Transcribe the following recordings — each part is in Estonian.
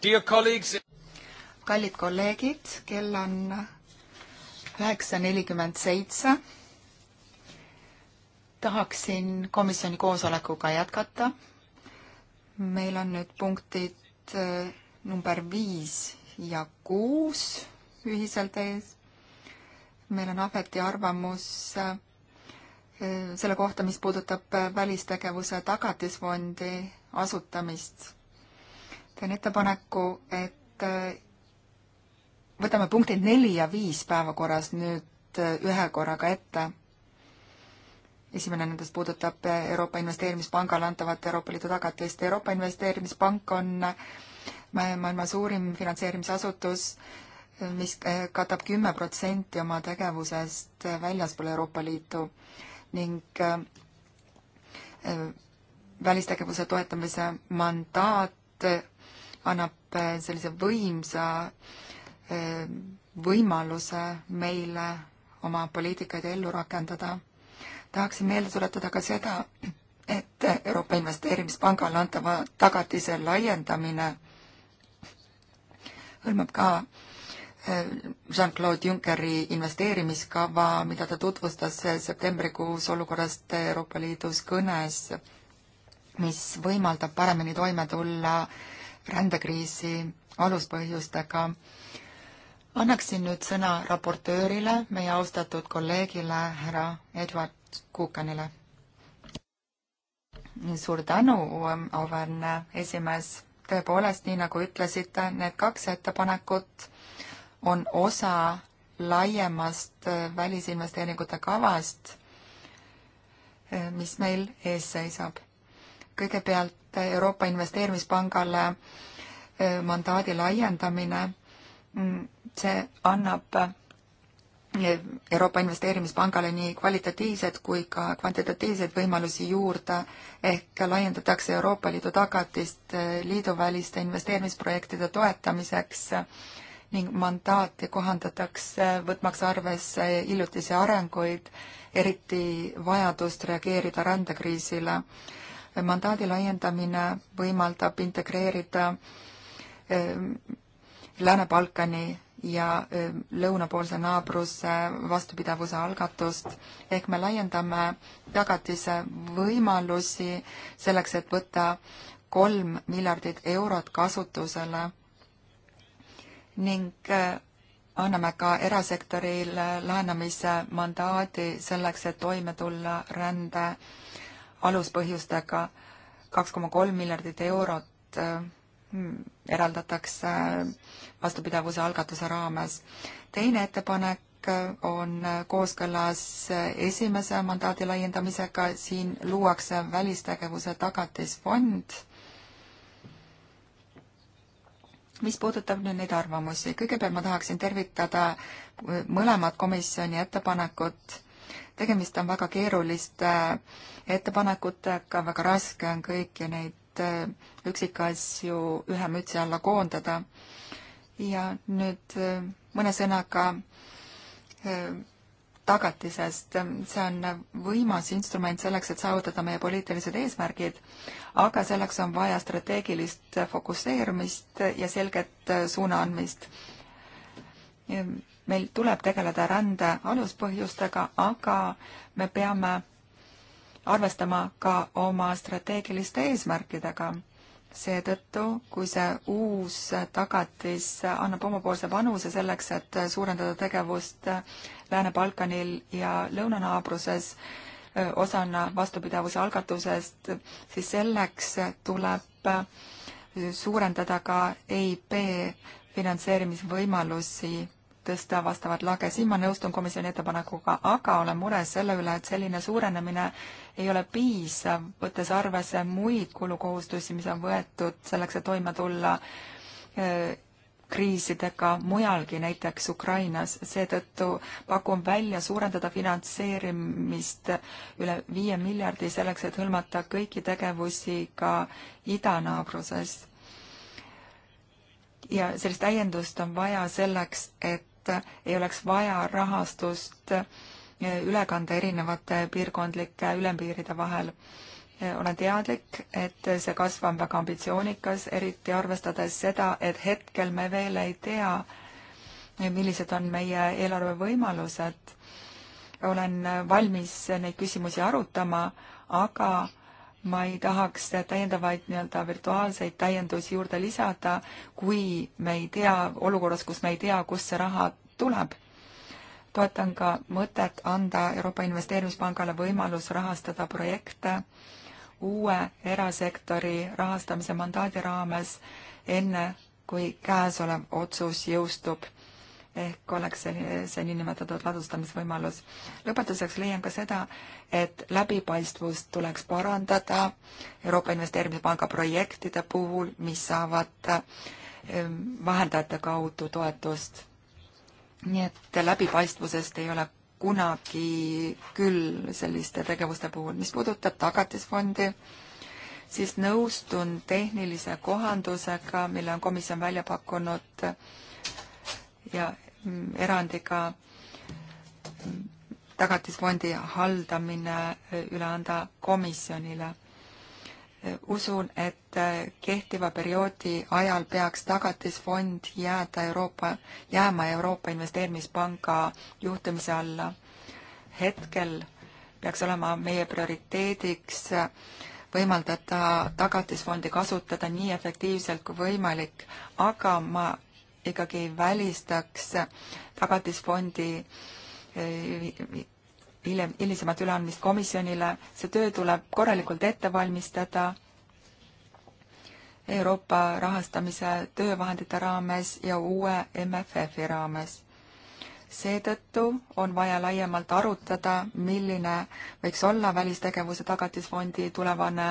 kallid kolleegid, kell on üheksa nelikümmend seitse. tahaksin komisjoni koosolekuga jätkata. meil on nüüd punktid äh, number viis ja kuus ühiselt ees. meil on afekti arvamus äh, selle kohta, mis puudutab äh, välistegevuse tagatisfondi asutamist teen ettepaneku, et äh, võtame punktid neli ja viis päevakorras nüüd äh, ühe korraga ette. esimene nendest puudutab äh, Euroopa Investeerimispangale antavat Euroopa Liidu tagatist. Euroopa Investeerimispank on maailma suurim finantseerimisasutus, mis katab kümme protsenti oma tegevusest väljaspool Euroopa Liitu ning välistegevuse toetamise mandaat annab äh, sellise võimsa äh, võimaluse meile oma poliitikaid ellu rakendada. tahaksin meelde tuletada ka seda, et Euroopa Investeerimispangale antava tagatise laiendamine hõlmab ka äh, Jean-Claude Junckeri investeerimiskava, mida ta tutvustas septembrikuus olukorrast Euroopa Liidus kõnes, mis võimaldab paremini toime tulla äh, rändekriisi aluspõhjustega. annaksin nüüd sõna raportöörile, meie austatud kolleegile härra Eduard Kuukanile. suur tänu, auväärne esimees. tõepoolest, nii nagu ütlesite, need kaks ettepanekut on osa laiemast välisinvesteeringute kavast, mis meil ees seisab kõigepealt Euroopa Investeerimispangale äh, mandaadi laiendamine, mm, see annab äh, Euroopa Investeerimispangale nii kvalitatiivsed kui ka kvantitatiivseid võimalusi juurde, ehk laiendatakse Euroopa Liidu tagatist äh, liiduväliste investeerimisprojektide toetamiseks ning mandaati kohandatakse, võtmaks arvesse hiljutisi arenguid, eriti vajadust reageerida rändekriisile mandaadi laiendamine võimaldab integreerida ähm, Lääne-Balkani ja ähm, lõunapoolse naabruse vastupidavuse algatust, ehk me laiendame tagatise võimalusi selleks, et võtta kolm miljardit eurot kasutusele ning äh, anname ka erasektorile laenamise mandaadi selleks, et toime tulla rände aluspõhjustega. kaks koma kolm miljardit eurot äh, eraldatakse äh, vastupidavuse algatuse raames. teine ettepanek äh, on kooskõlas esimese mandaadi laiendamisega, siin luuakse välistegevuse tagatisfond. mis puudutab nüüd neid arvamusi, kõigepealt ma tahaksin tervitada mõlemat komisjoni ettepanekut tegemist on väga keeruliste äh, ettepanekutega, väga raske on kõiki neid äh, üksikasju ühe mütsi alla koondada. ja nüüd äh, mõne sõnaga tagatisest, see on võimas instrument selleks, et saavutada meie poliitilised eesmärgid, aga selleks on vaja strateegilist fokusseerumist ja selget suuna andmist meil tuleb tegeleda rände aluspõhjustega, aga me peame arvestama ka oma strateegiliste eesmärkidega. seetõttu, kui see uus tagatis annab omapoolse panuse selleks, et suurendada tegevust Lääne-Balkanil ja lõunanaabruses, osana vastupidavuse algatusest, siis selleks tuleb suurendada ka EIB finantseerimisvõimalusi tõsta vastavat lage, siin ma nõustun komisjoni ettepanekuga, aga olen mures selle üle, et selline suurenemine ei ole piisav, võttes arvesse muid kulukohustusi, mis on võetud selleks, et toime tulla e, kriisidega mujalgi, näiteks Ukrainas, seetõttu pakun välja suurendada finantseerimist üle viie miljardi selleks, et hõlmata kõiki tegevusi ka idanaabruses. ja sellist täiendust on vaja selleks, et et ei oleks vaja rahastust eh, üle kanda erinevate piirkondlike ülempiiride vahel. Eh, olen teadlik, et see kasv on väga ambitsioonikas, eriti arvestades seda, et hetkel me veel ei tea, eh, millised on meie eelarvevõimalused. olen valmis neid küsimusi arutama, aga ma ei tahaks täiendavaid nii-öelda virtuaalseid täiendusi juurde lisada, kui me ei tea, olukorras, kus me ei tea, kust see raha tuleb. toetan ka mõtet anda Euroopa Investeerimispangale võimalus rahastada projekte uue erasektori rahastamise mandaadi raames, enne kui käesolev otsus jõustub ehk oleks see, see niinimetatud ladustamisvõimalus. lõpetuseks leian ka seda, et läbipaistvust tuleks parandada Euroopa Investeerimispanga projektide puhul, mis saavad ehm, vahendajate kaudu toetust. nii et läbipaistvusest ei ole kunagi küll selliste tegevuste puhul. mis puudutab tagatisfondi, siis nõustun tehnilise kohandusega, mille on komisjon välja pakkunud ja erandiga mm, tagatisfondi haldamine eh, üle anda komisjonile. Eh, usun, et eh, kehtiva perioodi ajal peaks tagatisfond jääda Euroopa, jääma Euroopa Investeerimispanga juhtimise alla. hetkel peaks olema meie prioriteediks võimaldada tagatisfondi kasutada nii efektiivselt kui võimalik, aga ma ikkagi välistaks tagatisfondi eh, hiljem, hilisemat üleandmist komisjonile, see töö tuleb korralikult ette valmistada Euroopa rahastamise töövahendite raames ja uue MFF-i raames seetõttu on vaja laiemalt arutada, milline võiks olla välistegevuse tagatisfondi tulevane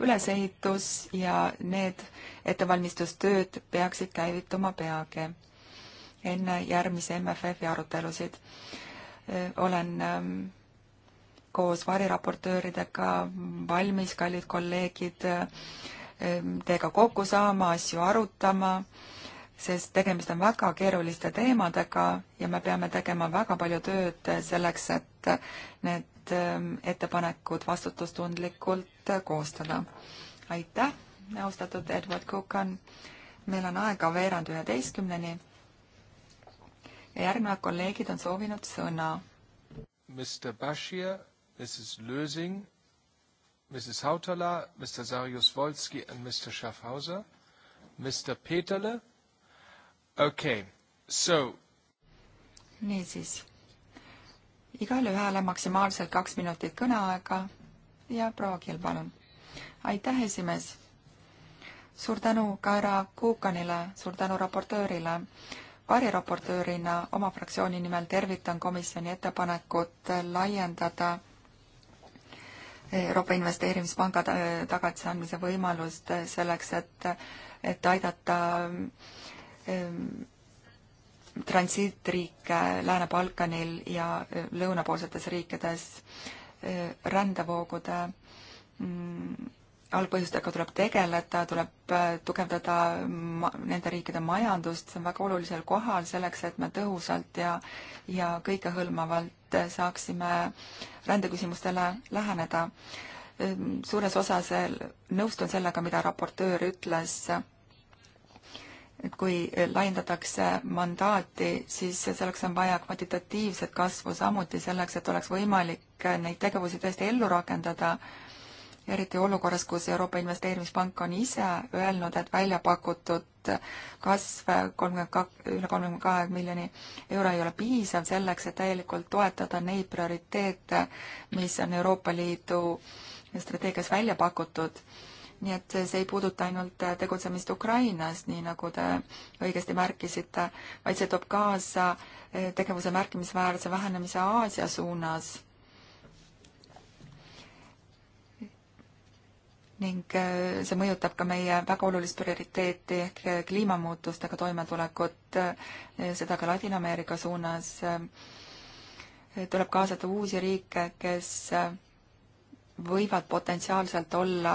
ülesehitus ja need ettevalmistustööd peaksid käivituma peagi, enne järgmisi MFF-i arutelusid. olen ähm, koos variraportööridega valmis, kallid kolleegid, ähm, teiega kokku saama, asju arutama sest tegemist on väga keeruliste teemadega ja me peame tegema väga palju tööd selleks, et need ähm, ettepanekud vastutustundlikult koostada. aitäh, austatud Edward Kukan. meil on aega veerand üheteistkümneni. ja järgnevad kolleegid on soovinud sõna. Mr Bashir, Mrs Lösing, Mrs Hautala, Mr Sarjus Volski and Mr Schaffhauser, Mr Peterle okei okay,, so. niisiis, igale ühele maksimaalselt kaks minutit kõneaega ja proua Kill, palun. aitäh, esimees. suur tänu ka härra Kuukanile, suur tänu raportöörile. variraportöörina oma fraktsiooni nimel tervitan komisjoni ettepanekut laiendada Euroopa Investeerimispanga äh, tagatise andmise võimalust selleks, et, et aidata äh, transiitriike Lääne-Balkanil ja e, lõunapoolsetes riikides e, rändevoogude mm, algpõhjustega tuleb tegeleda, tuleb e, tugevdada nende riikide majandust, see on väga olulisel kohal selleks, et me tõhusalt ja, ja kõikehõlmavalt saaksime rändeküsimustele läheneda. suures osas nõustun sellega, mida raportöör ütles et kui laiendatakse mandaati, siis selleks on vaja kvantitatiivset kasvu, samuti selleks, et oleks võimalik neid tegevusi tõesti ellu rakendada, eriti olukorras, kus Euroopa Investeerimispank on ise öelnud, et välja pakutud kasv kolmkümmend kak-, üle kolmekümne kahe miljoni euro ei ole piisav selleks, et täielikult toetada neid prioriteete, mis on Euroopa Liidu strateegias välja pakutud nii et see ei puuduta ainult äh, tegutsemist Ukrainas, nii nagu te õigesti märkisite, vaid see toob kaasa äh, tegevuse märkimisväärse vähenemise Aasia suunas. ning äh, see mõjutab ka meie väga olulist prioriteeti ehk kliimamuutustega toimetulekut, seda ka Ladina-Ameerika suunas. tuleb kaasata uusi riike, kes võivad potentsiaalselt olla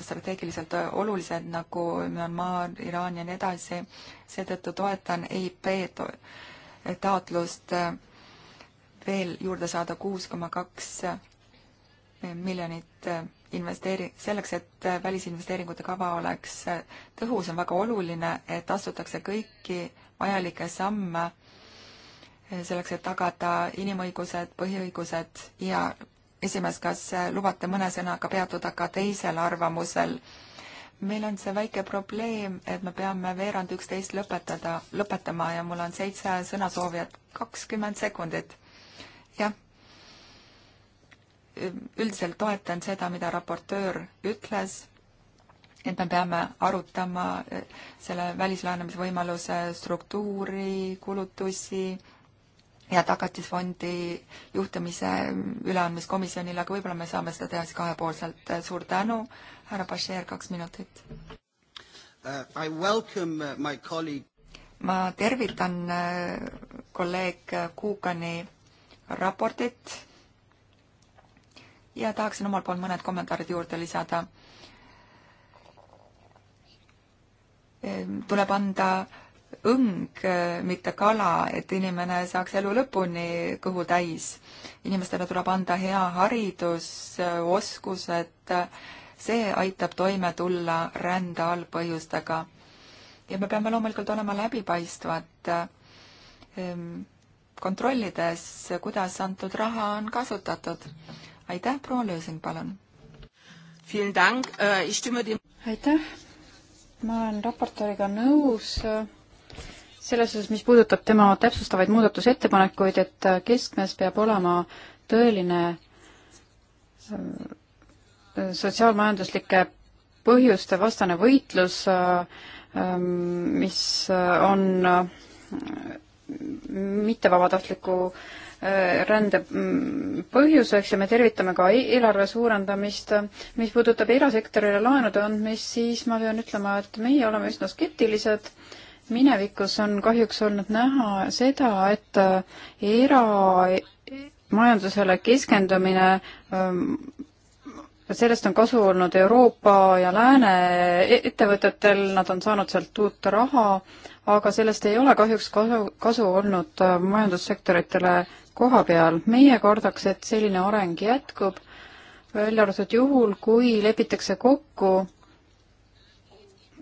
strateegiliselt olulised, nagu Myanmar, Iraan ja nii edasi, seetõttu toetan EIP taotlust eh, veel juurde saada kuus koma kaks eh, miljonit eh, investeeri-, selleks, et välisinvesteeringute kava oleks tõhus, on väga oluline, et astutakse kõiki vajalikke samme selleks, et tagada inimõigused, põhiõigused ja esimees, kas lubate mõne sõnaga peatuda ka teisel arvamusel? meil on see väike probleem, et me peame veerand üksteist lõpetada, lõpetama ja mul on seitse sõnasoovijat, kakskümmend sekundit. jah. üldiselt toetan seda, mida raportöör ütles, et me peame arutama selle välislaenamisvõimaluse struktuuri, kulutusi ja Tagatisfondi juhtimise üleandmiskomisjonile, aga võib-olla me saame seda teha siis kahepoolselt. suur tänu, härra Bashir, kaks minutit uh,. uh ma tervitan uh, kolleeg Kuukani raportit ja tahaksin omalt poolt mõned kommentaarid juurde lisada. Ehm, tuleb anda õng, mitte kala, et inimene saaks elu lõpuni kõhu täis. inimestele tuleb anda hea haridus, oskused, see aitab toime tulla rände allpõhjustega. ja me peame loomulikult olema läbipaistvad, ehm, kontrollides, kuidas antud raha on kasutatud. aitäh, proua Lösing, palun! Äh, aitäh, ma olen raportööriga nõus selles osas, mis puudutab tema täpsustavaid muudatusettepanekuid, et keskmes peab olema tõeline äh, sotsiaalmajanduslike põhjuste vastane võitlus, äh, ähm, mis on äh, mittevabatahtliku rände mm, põhjuseks ja me tervitame ka e-, eelarve suurendamist. mis puudutab erasektorile laenude andmist, siis ma pean ütlema, et meie oleme üsna skeptilised äh, minevikus on kahjuks olnud näha seda, et äh, eramajandusele keskendumine ähm, sellest on kasu olnud Euroopa ja Lääne e-, ettevõtetel, nad on saanud sealt uut raha, aga sellest ei ole kahjuks kasu, kasu olnud äh, majandussektoritele koha peal. meie kardaks, et selline areng jätkub, välja arvatud juhul, kui lepitakse kokku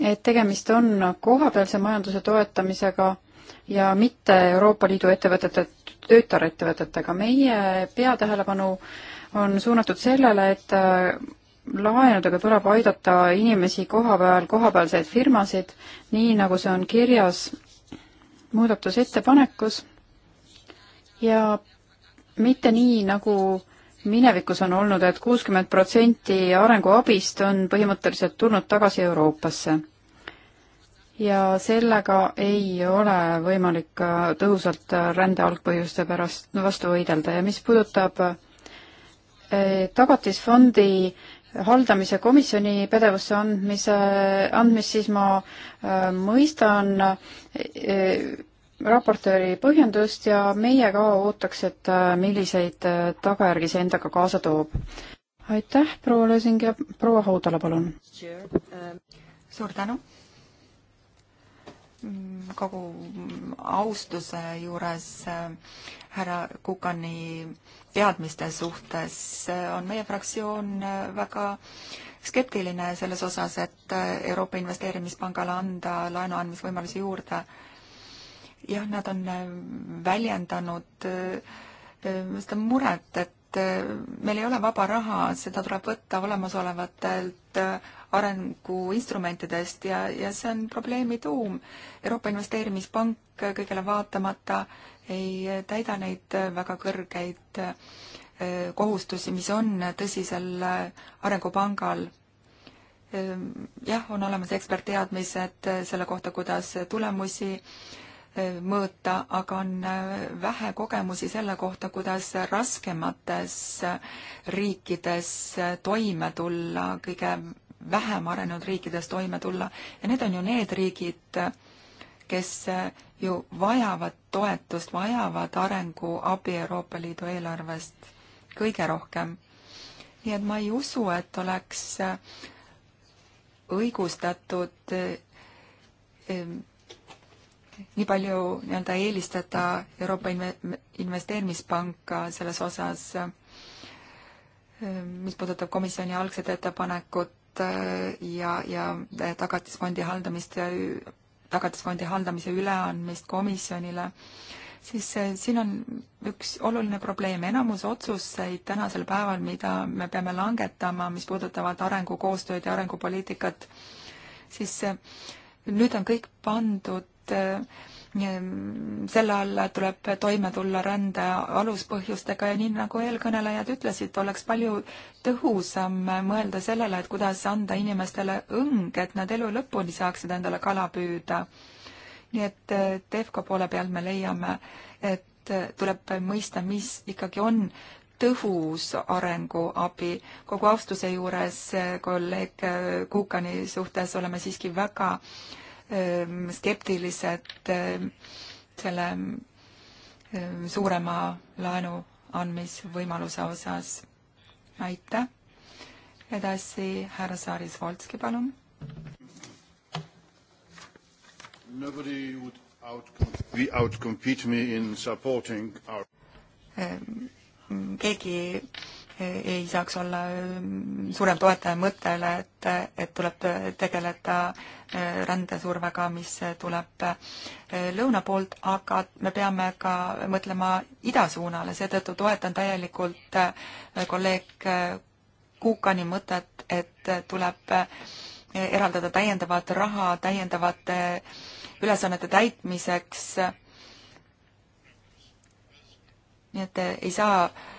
et tegemist on kohapealse majanduse toetamisega ja mitte Euroopa Liidu ettevõtete, töötarettevõtetega. meie peatähelepanu on suunatud sellele, et äh, laenudega tuleb aidata inimesi koha peal, kohapealseid firmasid, nii nagu see on kirjas muudatusettepanekus ja mitte nii, nagu minevikus on olnud et, et kuuskümmend protsenti arenguabist on põhimõtteliselt tulnud tagasi Euroopasse. ja sellega ei ole võimalik tõhusalt rände algpõhjuste pärast vastu võidelda ja mis puudutab eh, tagatisfondi haldamise komisjoni pädevusse andmise, andmist, siis ma eh, mõistan eh, raportööri põhjendust ja meie ka ootaks, et äh, milliseid äh, tagajärgi see endaga kaasa toob. aitäh, proua Lösing ja proua Haudala, palun. suur tänu. Mm, kogu mm, austuse juures äh, härra Kukani teadmiste suhtes on meie fraktsioon väga skeptiline selles osas, et Euroopa Investeerimispangale anda laenu andmisvõimalusi juurde jah, nad on äh, väljendanud äh, äh, seda muret, et meil ei ole vaba raha, seda tuleb võtta olemasolevatelt arenguinstrumentidest ja, ja see on probleemi tuum. Euroopa Investeerimispank kõigele vaatamata ei täida neid väga kõrgeid kohustusi, mis on tõsisel arengupangal jah, on olemas ekspertteadmised selle kohta, kuidas tulemusi Äh, mõõta, aga on äh, vähe kogemusi selle kohta, kuidas raskemates äh, riikides toime tulla, kõige vähem arenenud riikides toime tulla ja need on ju need riigid, kes ju vajavad toetust, vajavad arenguabi Euroopa Liidu eelarvest kõige rohkem. nii et ma ei usu, et oleks õigustatud nii palju nii-öelda eelistada Euroopa Investeerimispanka selles osas, mis puudutab komisjoni algset ettepanekut ja, ja tagatisfondi haldamist, tagatisfondi haldamise üleandmist komisjonile, siis siin on üks oluline probleem, enamus otsuseid tänasel päeval, mida me peame langetama, mis puudutavad arengukoostööd ja arengupoliitikat, siis nüüd on kõik pandud et selle alla tuleb toime tulla rände aluspõhjustega ja nii nagu eelkõnelejad ütlesid, oleks palju tõhusam mõelda sellele, et kuidas anda inimestele õng, et nad elu lõpuni saaksid endale kala püüda. nii et eh, Defco poole pealt me leiame, et eh, tuleb mõista, mis ikkagi on tõhus arenguabi. kogu austuse juures eh, kolleeg Kuukani suhtes oleme siiski väga äh, Ehm, skeptilised ehm, selle ehm, suurema laenu andmisvõimaluse osas. aitäh. edasi härra Saari-Svoltski, palun. Nobody would outcompete me in supporting our keegi ei saaks olla mm, suurem toetaja mõttele, et, et tuleb tegeleda äh, rändesurvega, mis tuleb äh, lõuna poolt, aga me peame ka mõtlema idasuunale, seetõttu toetan täielikult äh, kolleeg Kuukani mõtet, et tuleb eraldada täiendavat raha täiendavate ülesannete täitmiseks. nii et ei saa äh,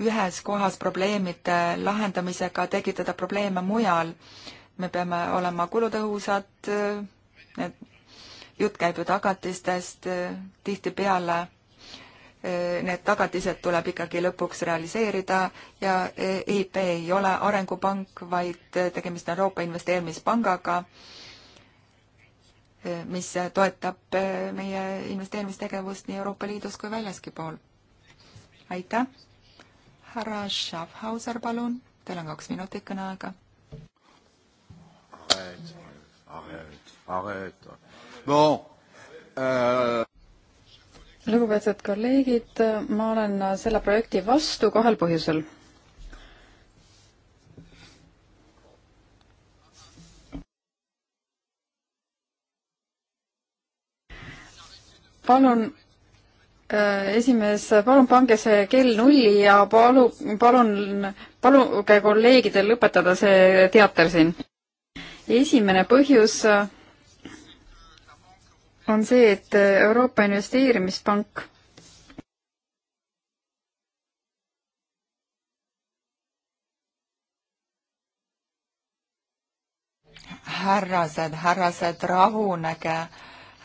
ühes kohas probleemide lahendamisega tekitada probleeme mujal. me peame olema kulutõhusad, jutt käib ju tagatistest, tihtipeale eh, need tagatised tuleb ikkagi lõpuks realiseerida ja EIP eh, e ei ole arengupank, vaid eh, tegemist on Euroopa Investeerimispangaga, mis toetab meie investeerimistegevust nii Euroopa Liidus kui väljaski pool. aitäh! härra Schaffhauser, palun, teil on kaks minutit kõneaega. Bon, äh... lugupeetud kolleegid, ma olen selle projekti vastu kahel põhjusel palun Äh, esimees, palun pange see kell nulli ja palu, palun, paluge kolleegidel lõpetada see teater siin. esimene põhjus äh, on see, et äh, Euroopa Investeerimispank härrased, härrased, rahunege,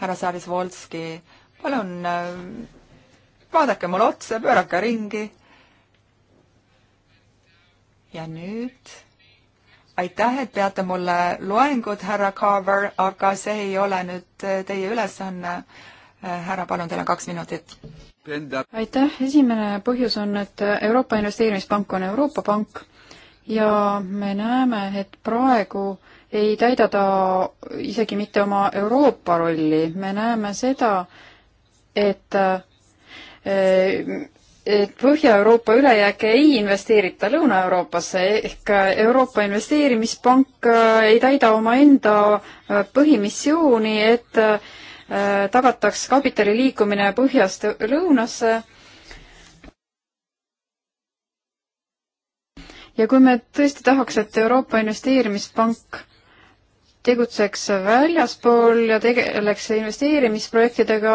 härra Saaris-Volski, palun vaadake mulle otsa, pöörake ringi. ja nüüd aitäh, et peate mulle loengut, härra Carver, aga see ei ole nüüd äh, teie ülesanne. Äh, härra, palun, teil on kaks minutit. aitäh, esimene põhjus on, et Euroopa Investeerimispank on Euroopa Pank ja me näeme, et praegu ei täida ta isegi mitte oma Euroopa rolli, me näeme seda, et äh, et Põhja-Euroopa ülejääke ei investeerita Lõuna-Euroopasse ehk Euroopa Investeerimispank äh, ei täida omaenda äh, põhimissiooni, et äh, tagataks kapitali liikumine põhjast lõunasse. ja kui me tõesti tahaks, et Euroopa Investeerimispank tegutseks väljaspool ja tegeleks investeerimisprojektidega,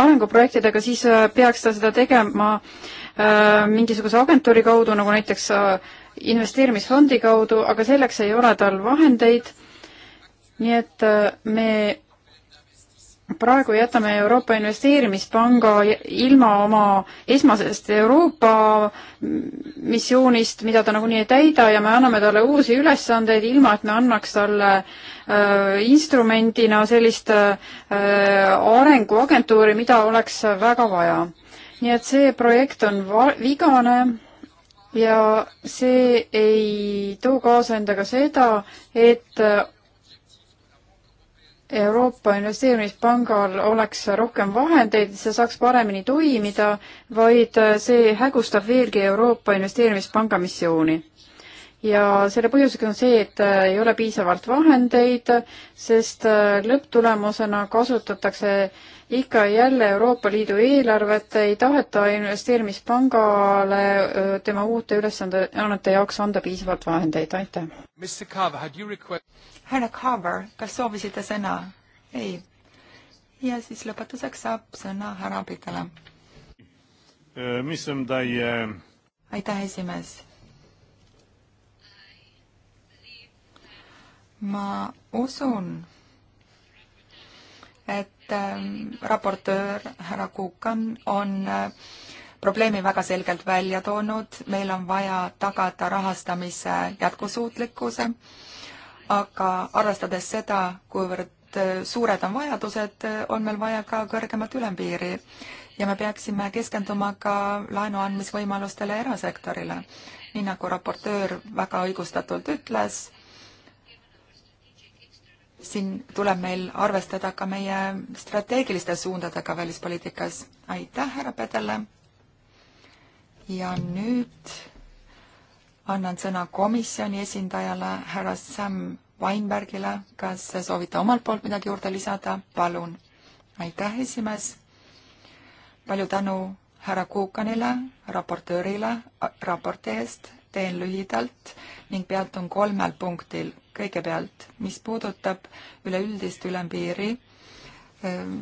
arenguprojektidega, siis äh, peaks ta seda tegema äh, mingisuguse agentuuri kaudu, nagu näiteks äh, investeerimisfondi kaudu, aga selleks ei ole tal vahendeid. nii et äh, me praegu jätame Euroopa Investeerimispanga ilma oma esmasest Euroopa missioonist, mida ta nagunii ei täida ja me anname talle uusi ülesandeid, ilma et me annaks talle äh, instrumendina sellist äh, arenguagentuuri, mida oleks väga vaja. nii et see projekt on vigane ja see ei too kaasa endaga seda, et Euroopa Investeerimispangal oleks rohkem vahendeid, see saaks paremini toimida, vaid see hägustab veelgi Euroopa Investeerimispanga missiooni. ja selle põhjuseks on see, et ei ole piisavalt vahendeid, sest lõpptulemusena kasutatakse äh, ikka ja jälle Euroopa Liidu eelarvet, ei taheta investeerimispangale tema uute ülesande, annete jaoks anda piisavalt vahendeid, aitäh. härra Carver, kas soovisite sõna? ei. ja siis lõpetuseks saab sõna härra Pitale. Äh, aitäh, esimees ma usun, et et ähm, raportöör härra Kukan on äh, probleemi väga selgelt välja toonud, meil on vaja tagada rahastamise jätkusuutlikkuse, aga arvestades seda, kuivõrd äh, suured on vajadused, äh, on meil vaja ka kõrgemat ülempiiri ja me peaksime keskenduma ka laenu andmisvõimalustele erasektorile. nii nagu raportöör väga õigustatult ütles, siin tuleb meil arvestada ka meie strateegiliste suundadega välispoliitikas. aitäh härra Pedele. ja nüüd annan sõna komisjoni esindajale, härra Sam Weinbergile. kas soovite omalt poolt midagi juurde lisada? palun. aitäh, esimees. palju tänu härra Kuukanile, raportöörile raporti eest teen lühidalt ning peatun kolmel punktil. kõigepealt, mis puudutab üleüldist ülempiiri, ähm,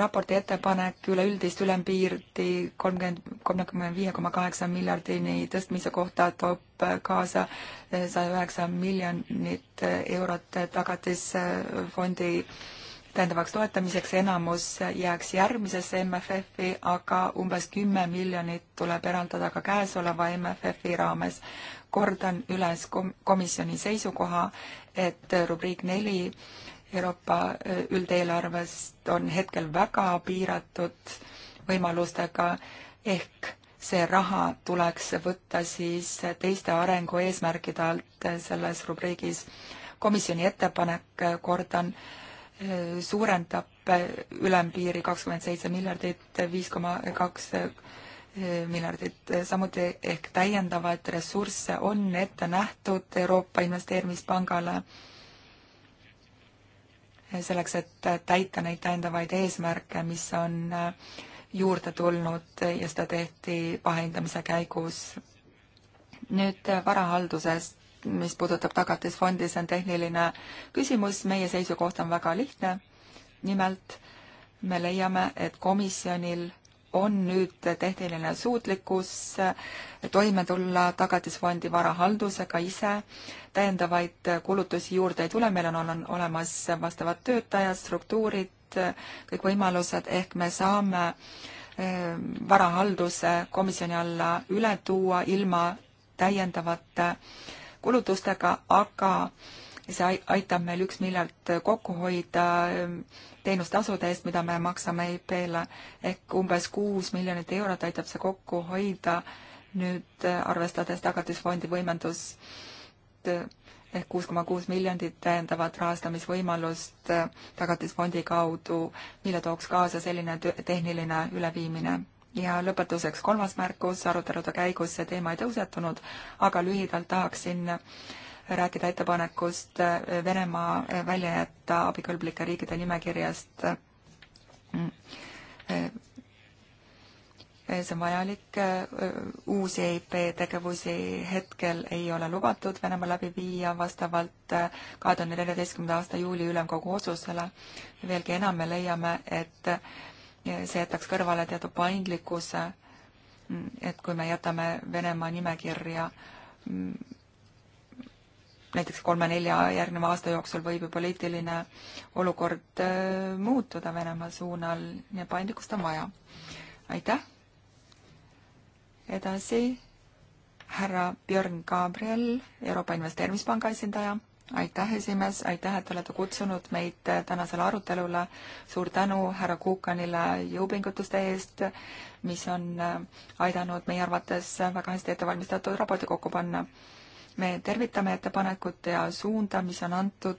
raporti ettepanek üleüldist ülempiirdi kolmkümmend, kolmekümne viie koma kaheksa miljardini tõstmise kohta toob kaasa äh, saja üheksa miljonit eurot tagatisfondi äh, täiendavaks toetamiseks, enamus jääks järgmisesse MFF-i, aga umbes kümme miljonit tuleb eraldada ka käesoleva MFF-i raames. kordan üles kom-, komisjoni seisukoha, et rubriik neli Euroopa äh, üldeelarvest on hetkel väga piiratud võimalustega, ehk see raha tuleks võtta siis teiste arengu eesmärkide alt selles rubriigis. komisjoni ettepanek, äh, kordan, suurendab äh, ülempiiri kakskümmend seitse miljardit, viis koma kaks äh, miljardit, samuti ehk täiendavaid ressursse on ette nähtud Euroopa Investeerimispangale äh, selleks, et täita neid täiendavaid eesmärke, mis on juurde tulnud ja seda tehti vahehindamise käigus. nüüd varahaldusest mis puudutab tagatisfondi, see on tehniline küsimus, meie seisukoht on väga lihtne. nimelt me leiame, et komisjonil on nüüd tehniline suutlikkus toime tulla tagatisfondi varahaldusega ise, täiendavaid kulutusi juurde ei tule, meil on, on olemas vastavad töötajad, struktuurid, kõik võimalused, ehk me saame eh, varahalduse komisjoni alla üle tuua ilma täiendavate äh, kulutustega, aga see aitab meil üks miljard kokku hoida ähm, teenustasude eest, mida me maksame IP-le, e ehk umbes kuus miljonit eurot aitab see kokku hoida nüüd äh, arvestades Tagatisfondi võimendust äh, ehk kuus koma kuus miljondit täiendavat rahastamisvõimalust äh, Tagatisfondi kaudu, mille tooks kaasa selline tehniline üleviimine ja lõpetuseks kolmas märkus, arutelude käigus see teema ei tõusetunud, aga lühidalt tahaksin rääkida ettepanekust eh, Venemaa eh, välja jätta abikõlblike riikide nimekirjast. Mm. Eh, see on vajalik, uusi EIP tegevusi hetkel ei ole lubatud Venemaa läbi viia vastavalt kahe tuhande neljateistkümnenda aasta juuli ülemkogu otsusele. veelgi enam, me leiame, et see jätaks kõrvale teatud paindlikkuse, et kui me jätame Venemaa nimekirja näiteks kolme-nelja järgneva aasta jooksul võib ju poliitiline olukord äh, muutuda Venemaa suunal ja paindlikkust on vaja. aitäh. edasi härra Björn Gabriel, Euroopa Investeerimispanga esindaja aitäh, esimees, aitäh, et olete kutsunud meid tänasele arutelule. suur tänu härra Kuukanile jõupingutuste eest, mis on aidanud meie arvates väga hästi ettevalmistatud raporti kokku panna. me tervitame ettepanekut ja suunda, mis on antud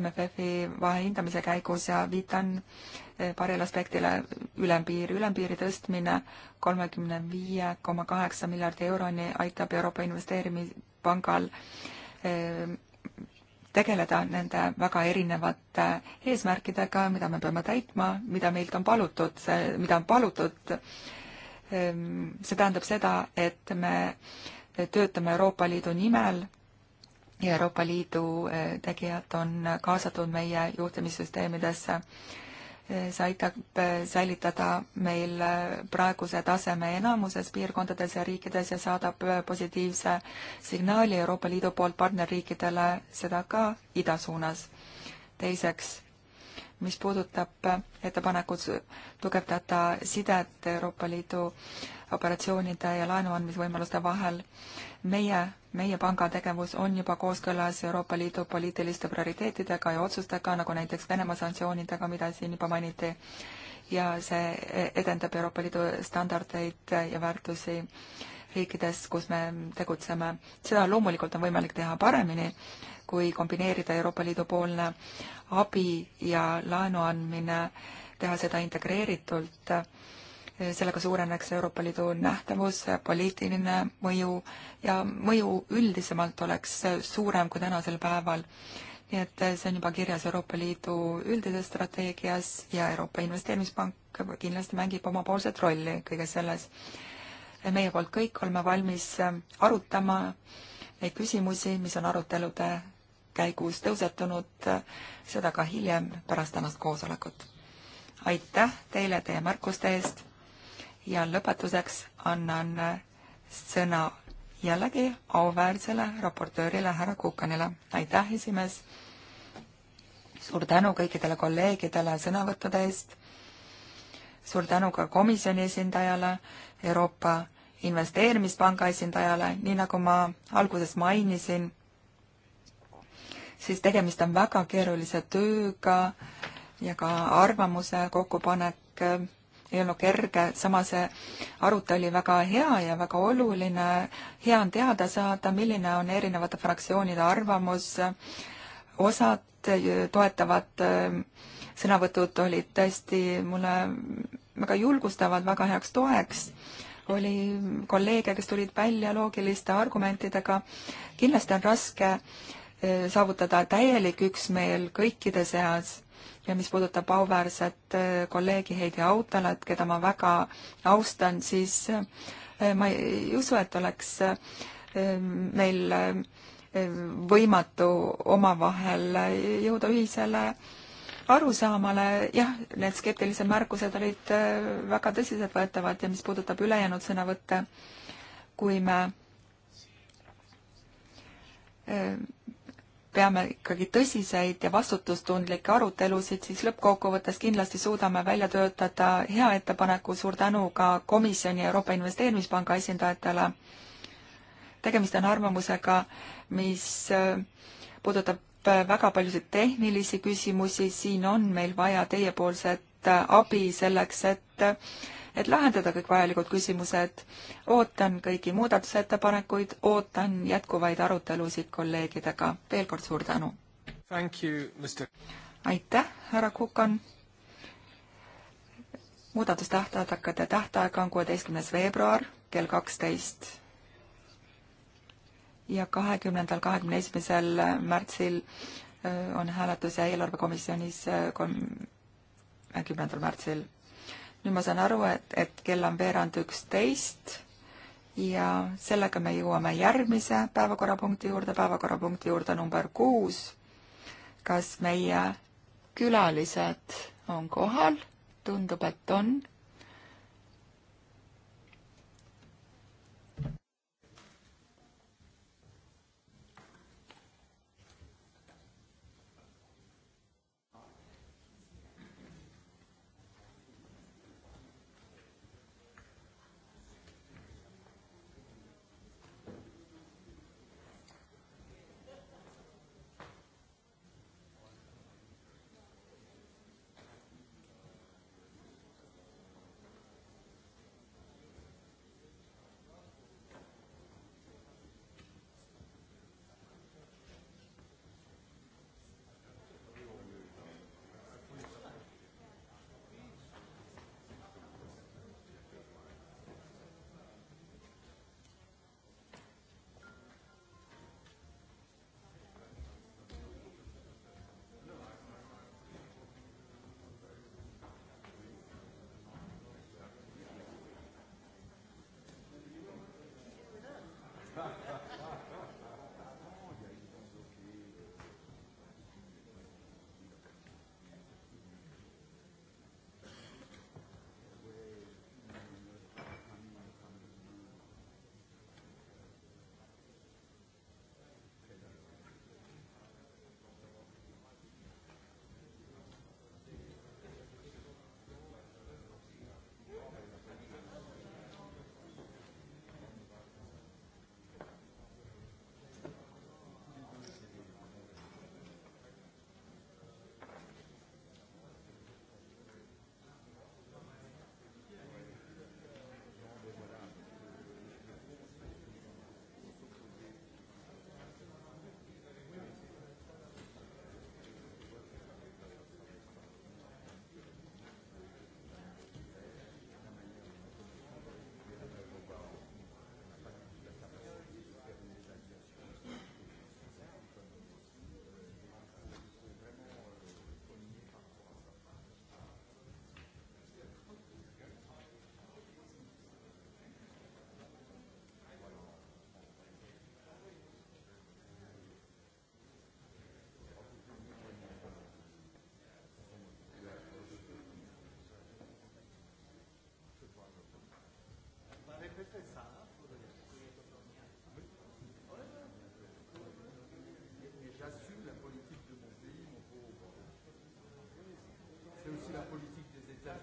MFF-i vahehindamise käigus ja viitan paarile aspektile ülempiir. ülempiiri tõstmine kolmekümne viie koma kaheksa miljardi euroni aitab Euroopa Investeerimispangal tegeleda nende väga erinevate eesmärkidega, mida me peame täitma, mida meilt on palutud, mida on palutud. Ehm, see tähendab seda, et me töötame Euroopa Liidu nimel ja Euroopa Liidu eh, tegijad on kaasatud meie juhtimissüsteemidesse see aitab eh, säilitada meil eh, praeguse taseme enamuses piirkondades ja riikides ja saadab eh, positiivse signaali Euroopa Liidu poolt partnerriikidele, seda ka ida suunas. teiseks, mis puudutab ettepanekut tugevdada sidet Euroopa Liidu operatsioonide ja laenu andmisvõimaluste vahel, meie meie panga tegevus on juba kooskõlas Euroopa Liidu poliitiliste prioriteetidega ja otsustega, nagu näiteks Venemaa sanktsioonidega, mida siin juba mainiti, ja see edendab Euroopa Liidu standardeid ja väärtusi riikides, kus me tegutseme. seda loomulikult on võimalik teha paremini, kui kombineerida Euroopa Liidu poolne abi ja laenu andmine, teha seda integreeritult sellega suureneks Euroopa Liidu nähtavus, poliitiline mõju ja mõju üldisemalt oleks suurem kui tänasel päeval. nii et see on juba kirjas Euroopa Liidu üldises strateegias ja Euroopa Investeerimispank kindlasti mängib omapoolset rolli kõiges selles. meie poolt kõik oleme valmis arutama neid küsimusi, mis on arutelude käigus tõusetunud, seda ka hiljem pärast tänast koosolekut. aitäh teile teie märkuste eest ja lõpetuseks annan sõna jällegi auväärsele raportöörile härra Kukanile. aitäh, esimees! suur tänu kõikidele kolleegidele sõnavõttude eest, suur tänu ka komisjoni esindajale, Euroopa Investeerimispanga esindajale, nii nagu ma alguses mainisin, siis tegemist on väga keerulise tööga ja ka arvamuse kokkupanek ei olnud kerge, sama see arutelu oli väga hea ja väga oluline. hea on teada saada, milline on erinevate fraktsioonide arvamus. osad toetavad eh, sõnavõtud olid tõesti mulle väga julgustavad, väga heaks toeks oli kolleege, kes tulid välja loogiliste argumentidega. kindlasti on raske eh, saavutada täielik üksmeel kõikide seas ja mis puudutab auväärset äh, kolleegi Heidi Autalat, keda ma väga austan, siis äh, ma ei usu, et oleks äh, meil võimatu omavahel jõuda ühisele arusaamale, jah, need skeptilised märkused olid väga tõsiseltvõetavad ja mis puudutab ülejäänud sõnavõtte, kui me peame ikkagi tõsiseid ja vastutustundlikke arutelusid, siis lõppkokkuvõttes kindlasti suudame välja töötada hea ettepaneku, suur tänu ka komisjoni Euroopa Investeerimispanga esindajatele. tegemist on arvamusega, mis äh, puudutab äh, väga paljusid tehnilisi küsimusi, siin on meil vaja teiepoolset äh, abi selleks, et et lahendada kõik vajalikud küsimused. ootan kõiki muudatusettepanekuid, ootan jätkuvaid arutelusid kolleegidega. veel kord suur tänu! aitäh, härra Kukan! muudatustähtajad hakata tähtaeg on kuueteistkümnes veebruar kell kaksteist ja kahekümnendal, kahekümne esimesel märtsil äh, on hääletus ja eelarvekomisjonis äh, kolmekümnendal äh, märtsil nüüd ma saan aru, et, et kell on veerand üksteist ja sellega me jõuame järgmise päevakorrapunkti juurde, päevakorrapunkti juurde number kuus. kas meie külalised on kohal? tundub, et on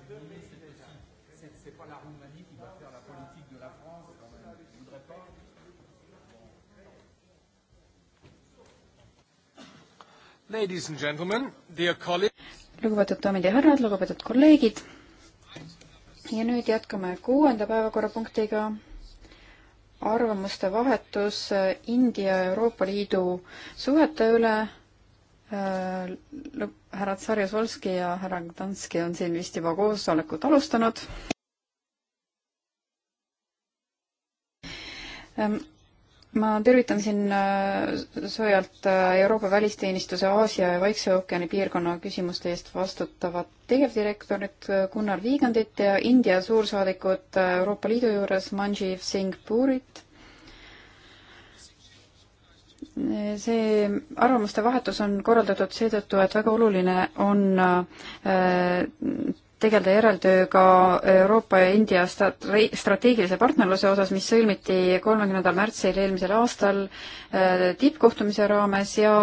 deux pays déjà. C'est, c'est pas la Roumanie qui va faire la politique de la France quand même. Je voudrais pas. Ladies and gentlemen, dear colleagues. lugupeetud daamid ja härrad, lugupeetud kolleegid. ja nüüd jätkame kuuenda päevakorrapunktiga arvamuste vahetus äh, India ja Euroopa Liidu suhete üle äh, lõpp härrad Sarjus-Volski ja härra Gdanski on siin vist juba koosolekut alustanud. Ehm, ma tervitan siin äh, soojalt äh, Euroopa Välisteenistuse Aasia ja Vaikse ookeani piirkonna küsimuste eest vastutavat tegevdirektorit äh, Gunnar Viigandit ja India suursaadikut Euroopa Liidu juures Manjiv Singh Purit see arvamuste vahetus on korraldatud seetõttu, et väga oluline on äh, tegeleda järeltööga Euroopa ja India strateegilise partnerluse osas, mis sõlmiti kolmekümnendal märtsil eelmisel aastal äh, tippkohtumise raames ja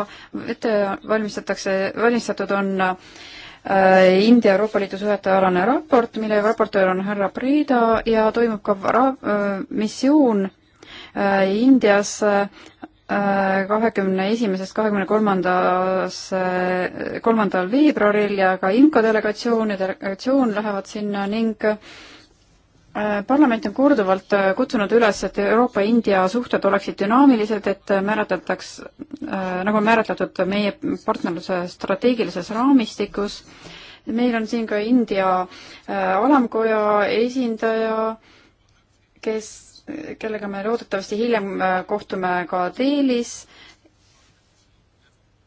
ette valmistatakse, valmistatud on äh, India Euroopa Liidu suhete alane raport, mille raportöör on härra Preda ja toimub ka ra-, missioon Indias kahekümne esimesest kahekümne kolmandas, kolmandal veebruaril ja ka IMCO delegatsioon ja delegatsioon lähevad sinna ning äh, parlament on korduvalt kutsunud üles, et Euroopa-India suhted oleksid dünaamilised, et määratletaks, äh, nagu on määratletud meie partnerluse strateegilises raamistikus. meil on siin ka India äh, alamkoja esindaja, kes kellega me loodetavasti hiljem äh, kohtume ka Deelis,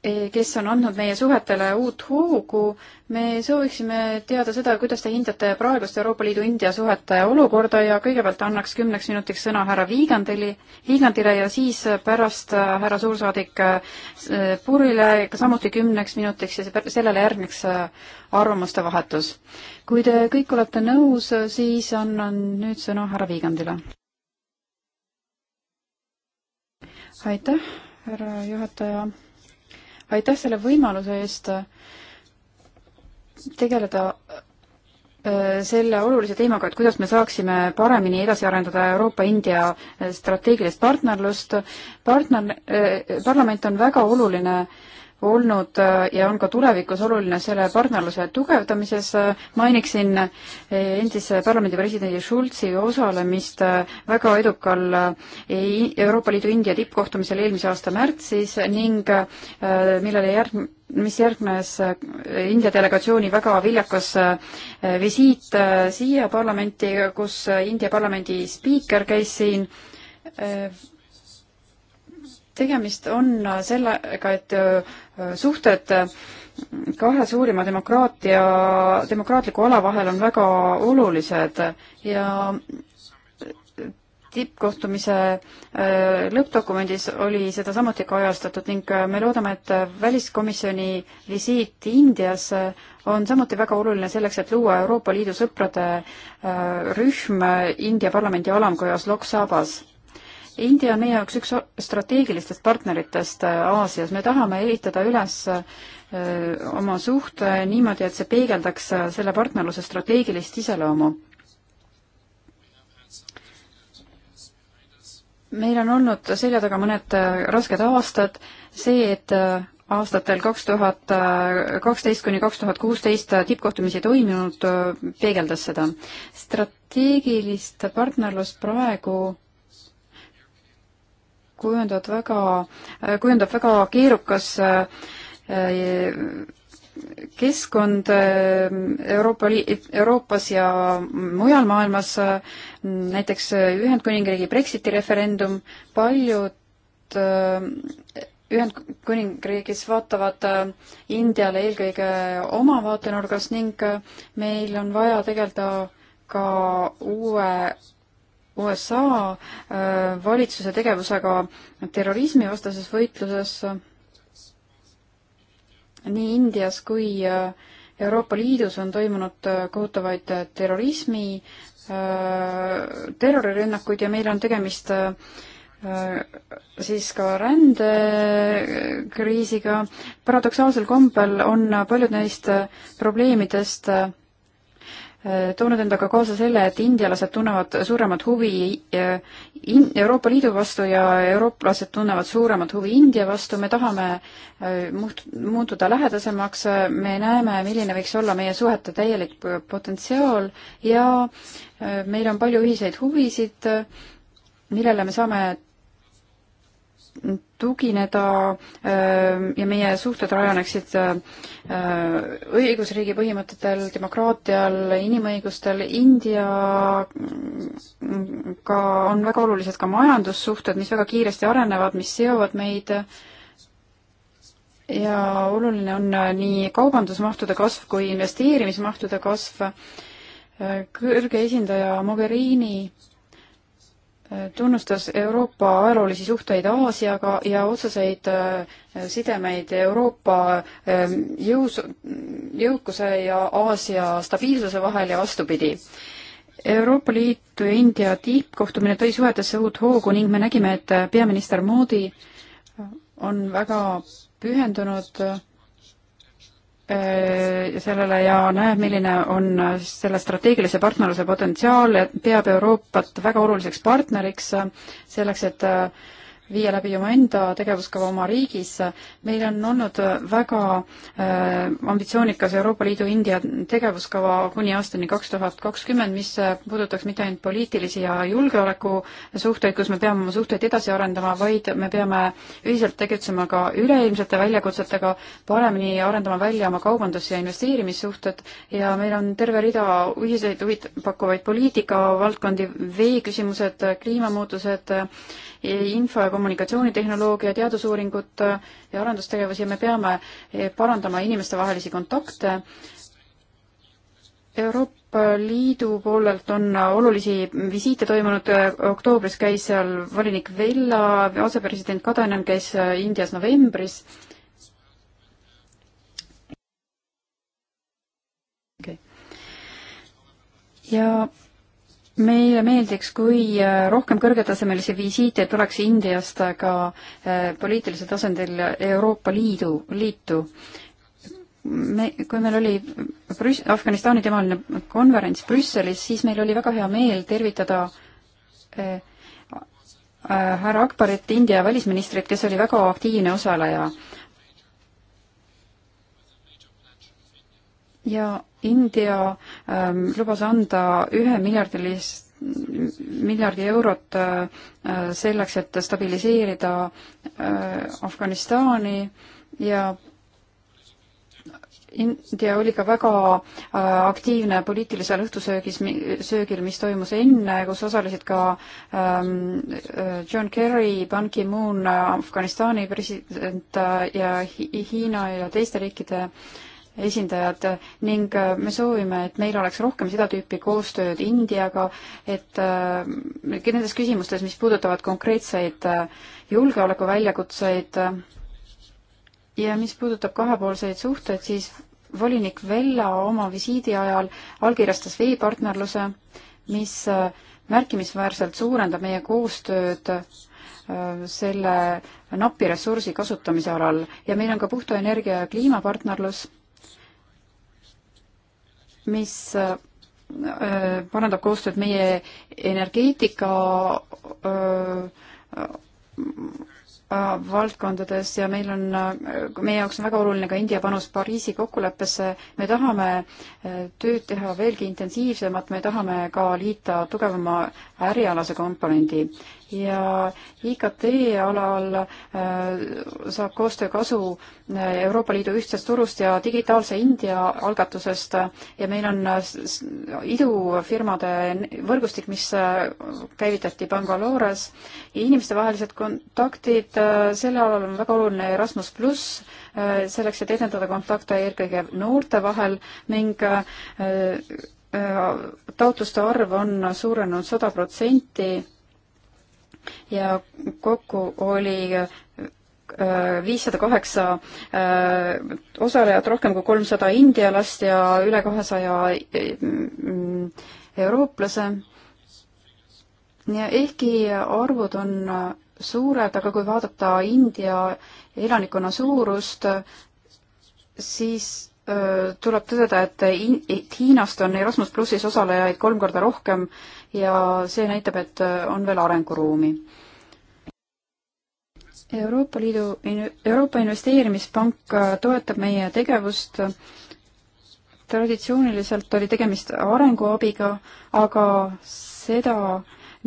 e, kes on andnud meie suhetele uut hoogu. me sooviksime teada seda, kuidas te hindate praegust Euroopa Liidu India suhete olukorda ja kõigepealt annaks kümneks minutiks sõna härra Viigandile, Viigandile ja siis pärast äh, härra suursaadik äh, Purile ka samuti kümneks minutiks ja sellele järgneks arvamuste vahetus. kui te kõik olete nõus, siis annan nüüd sõna härra Viigandile. aitäh, härra juhataja. aitäh selle võimaluse eest äh, tegeleda äh, selle olulise teemaga, et kuidas me saaksime paremini edasi arendada Euroopa-India äh, strateegilist partnerlust. partner, parlament on väga oluline äh, olnud äh, ja on ka tulevikus oluline selle partnerluse tugevdamises. mainiksin äh, endise parlamendi presidendi Schulzi osalemist äh, väga edukal Euroopa Liidu India tippkohtumisel eelmise aasta märtsis ning millele järg-, mis järgnes India delegatsiooni väga viljakas visiit siia parlamenti, kus India parlamendi spiiker käis siin tegemist on sellega, et Äh, suhted äh, kahe suurima demokraatia, demokraatliku ala vahel on väga olulised ja äh, tippkohtumise lõppdokumendis oli seda samuti kajastatud ning me loodame, et väliskomisjoni visiit Indias on samuti väga oluline selleks, et luua Euroopa Liidu sõprade rühm India parlamendi alamkojas Lok Sabas India on meie jaoks üks strateegilistest partneritest äh, Aasias, me tahame ehitada üles äh, oma suhte äh, niimoodi, et see peegeldaks selle partnerluse strateegilist iseloomu. meil on olnud selja taga mõned rasked aastad, see, et aastatel kaks tuhat kaksteist kuni kaks tuhat kuusteist tippkohtumisi toimunud, peegeldas seda. strateegilist partnerlust praegu kujundavad väga, kujundab väga keerukas äh, keskkond äh, Euroopa Li-, Euroopas ja mujal maailmas, äh, näiteks Ühendkuningriigi Brexiti referendum, paljud Ühendkuningriigis vaatavad Indiale eelkõige oma vaatenurgast ning meil on vaja tegeleda ka uue USA äh, valitsuse tegevusega terrorismivastases võitluses nii Indias kui äh, Euroopa Liidus on toimunud äh, kohutavaid terrorismi, terrorirünnakuid ja meil on tegemist siis ka rändekriisiga. paradoksaalsel kombel on paljud neist probleemidest Äh, toonud endaga kaasa selle, et indialased tunnevad suuremat huvi äh, in-, Euroopa Liidu vastu ja eurooplased tunnevad suuremat huvi India vastu, me tahame äh, muht-, muutuda lähedasemaks, me näeme, milline võiks olla meie suhete täielik potentsiaal ja meil on palju ühiseid huvisid, millele me saame tugineda ähm, ja meie suhted rajaneksid äh, äh, õigusriigi põhimõtetel, demokraatial, inimõigustel. Indiaga mm, on väga olulised ka majandussuhted, mis väga kiiresti arenevad, mis seovad meid ja oluline on äh, nii kaubandusmahtude kasv kui investeerimismahtude kasv. kõrge esindaja Mogherini tunnustas Euroopa ajaloolisi suhteid Aasiaga ja otseseid äh, sidemeid Euroopa ähm, jõus, jõukuse ja Aasia stabiilsuse vahel ja vastupidi. Euroopa Liitu ja India tippkohtumine tõi suhetesse uut hoogu ning me nägime, et äh, peaminister Moodi on väga pühendunud Äh, sellele ja näeb, milline on selle strateegilise partnerluse potentsiaal, peab Euroopat väga oluliseks partneriks äh, selleks, et äh, viia läbi omaenda tegevuskava oma riigis. meil on olnud väga äh, ambitsioonikas Euroopa Liidu India tegevuskava kuni aastani kaks tuhat kakskümmend, mis puudutaks mitte ainult poliitilisi ja julgeolekusuhteid, kus me peame oma suhteid edasi arendama, vaid me peame ühiselt tegutsema ka üleilmsete väljakutsetega, paremini arendama välja oma kaubandus- ja investeerimissuhted ja meil on terve rida ühiseid huvit pakkuvaid poliitikavaldkondi, veeküsimused, kliimamuutused, info ja kommunikatsioonitehnoloogia, teadusuuringut ja arendustegevusi ja me peame eh, parandama inimestevahelisi kontakte. Euroopa Liidu poolelt on olulisi visiite toimunud, oktoobris käis seal volinik Vella, asepresident Kadanen käis eh, Indias novembris okay.. ja meile meeldiks, kui äh, rohkem kõrgetasemelisi visiite tuleks Indiast ka äh, poliitilisel tasandil Euroopa Liidu, liitu. me, kui meil oli Brüss-, Afganistani teemaline konverents Brüsselis, siis meil oli väga hea meel tervitada äh, härra Akbarit, India välisministrit, kes oli väga aktiivne osaleja ja India ähm, lubas anda ühe miljardilist miljardi eurot äh, selleks, et stabiliseerida äh, Afganistani ja India oli ka väga äh, aktiivne poliitilisel õhtusöögis, söögil, mis toimus enne, kus osalesid ka ähm, äh, John Kerry, Ban Ki-moon, äh, Afganistani president äh, ja Hiina ja teiste riikide äh, esindajad ning äh, me soovime, et meil oleks rohkem seda tüüpi koostööd Indiaga, et äh, nendes küsimustes, mis puudutavad konkreetseid äh, julgeolekuväljakutseid ja mis puudutab kahepoolseid suhteid, siis volinik Vella oma visiidi ajal allkirjastas veepartnerluse, mis märkimisväärselt suurendab meie koostööd selle napi ressursi kasutamise alal ja meil on ka puhta energia ja kliimapartnerlus mis äh, parandab koostööd meie energeetika äh, äh, valdkondades ja meil on, meie jaoks on väga oluline ka India panus Pariisi kokkuleppesse. me tahame tööd teha veelgi intensiivsemalt, me tahame ka liita tugevama ärialase komponendi ja IKT alal äh, saab koostöö kasu äh, Euroopa Liidu ühtsest turust ja digitaalse India algatusest ja meil on äh, idufirmade võrgustik, mis käivitati Bangalores. inimestevahelised kontaktid, selle alal on väga oluline Erasmus pluss, selleks, et edendada kontakte eelkõige noorte vahel ning Äh, taotluste arv on suurenenud sada protsenti ja kokku oli äh, viissada kaheksa äh, osalejat, rohkem kui kolmsada India last ja üle kahesaja eurooplase. ja ehkki arvud on suured, aga kui vaadata India elanikkonna suurust, siis tuleb tõdeda, et Hiinast on Erasmus plussis osalejaid kolm korda rohkem ja see näitab, et äh, on veel arenguruumi. Euroopa Liidu, Euroopa Investeerimispank äh, toetab meie tegevust. traditsiooniliselt oli tegemist arenguabiga, aga seda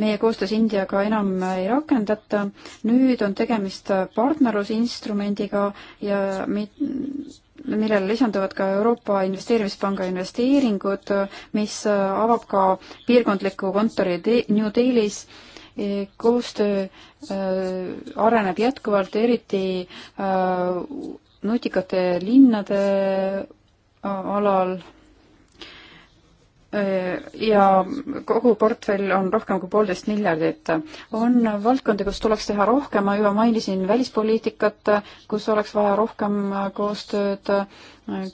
meie koostöös Indiaga enam ei rakendata. nüüd on tegemist partnerlusinstrumendiga ja mit-, millele lisanduvad ka Euroopa Investeerimispanga investeeringud, mis äh, avab ka piirkondliku kontori New Delhis. E, koostöö äh, areneb jätkuvalt, eriti äh, nutikate linnade alal Äh, ja kogu portfell on rohkem kui poolteist miljardit. on valdkondi, kus tuleks teha rohkem, ma juba mainisin välispoliitikat, kus oleks vaja rohkem koostööd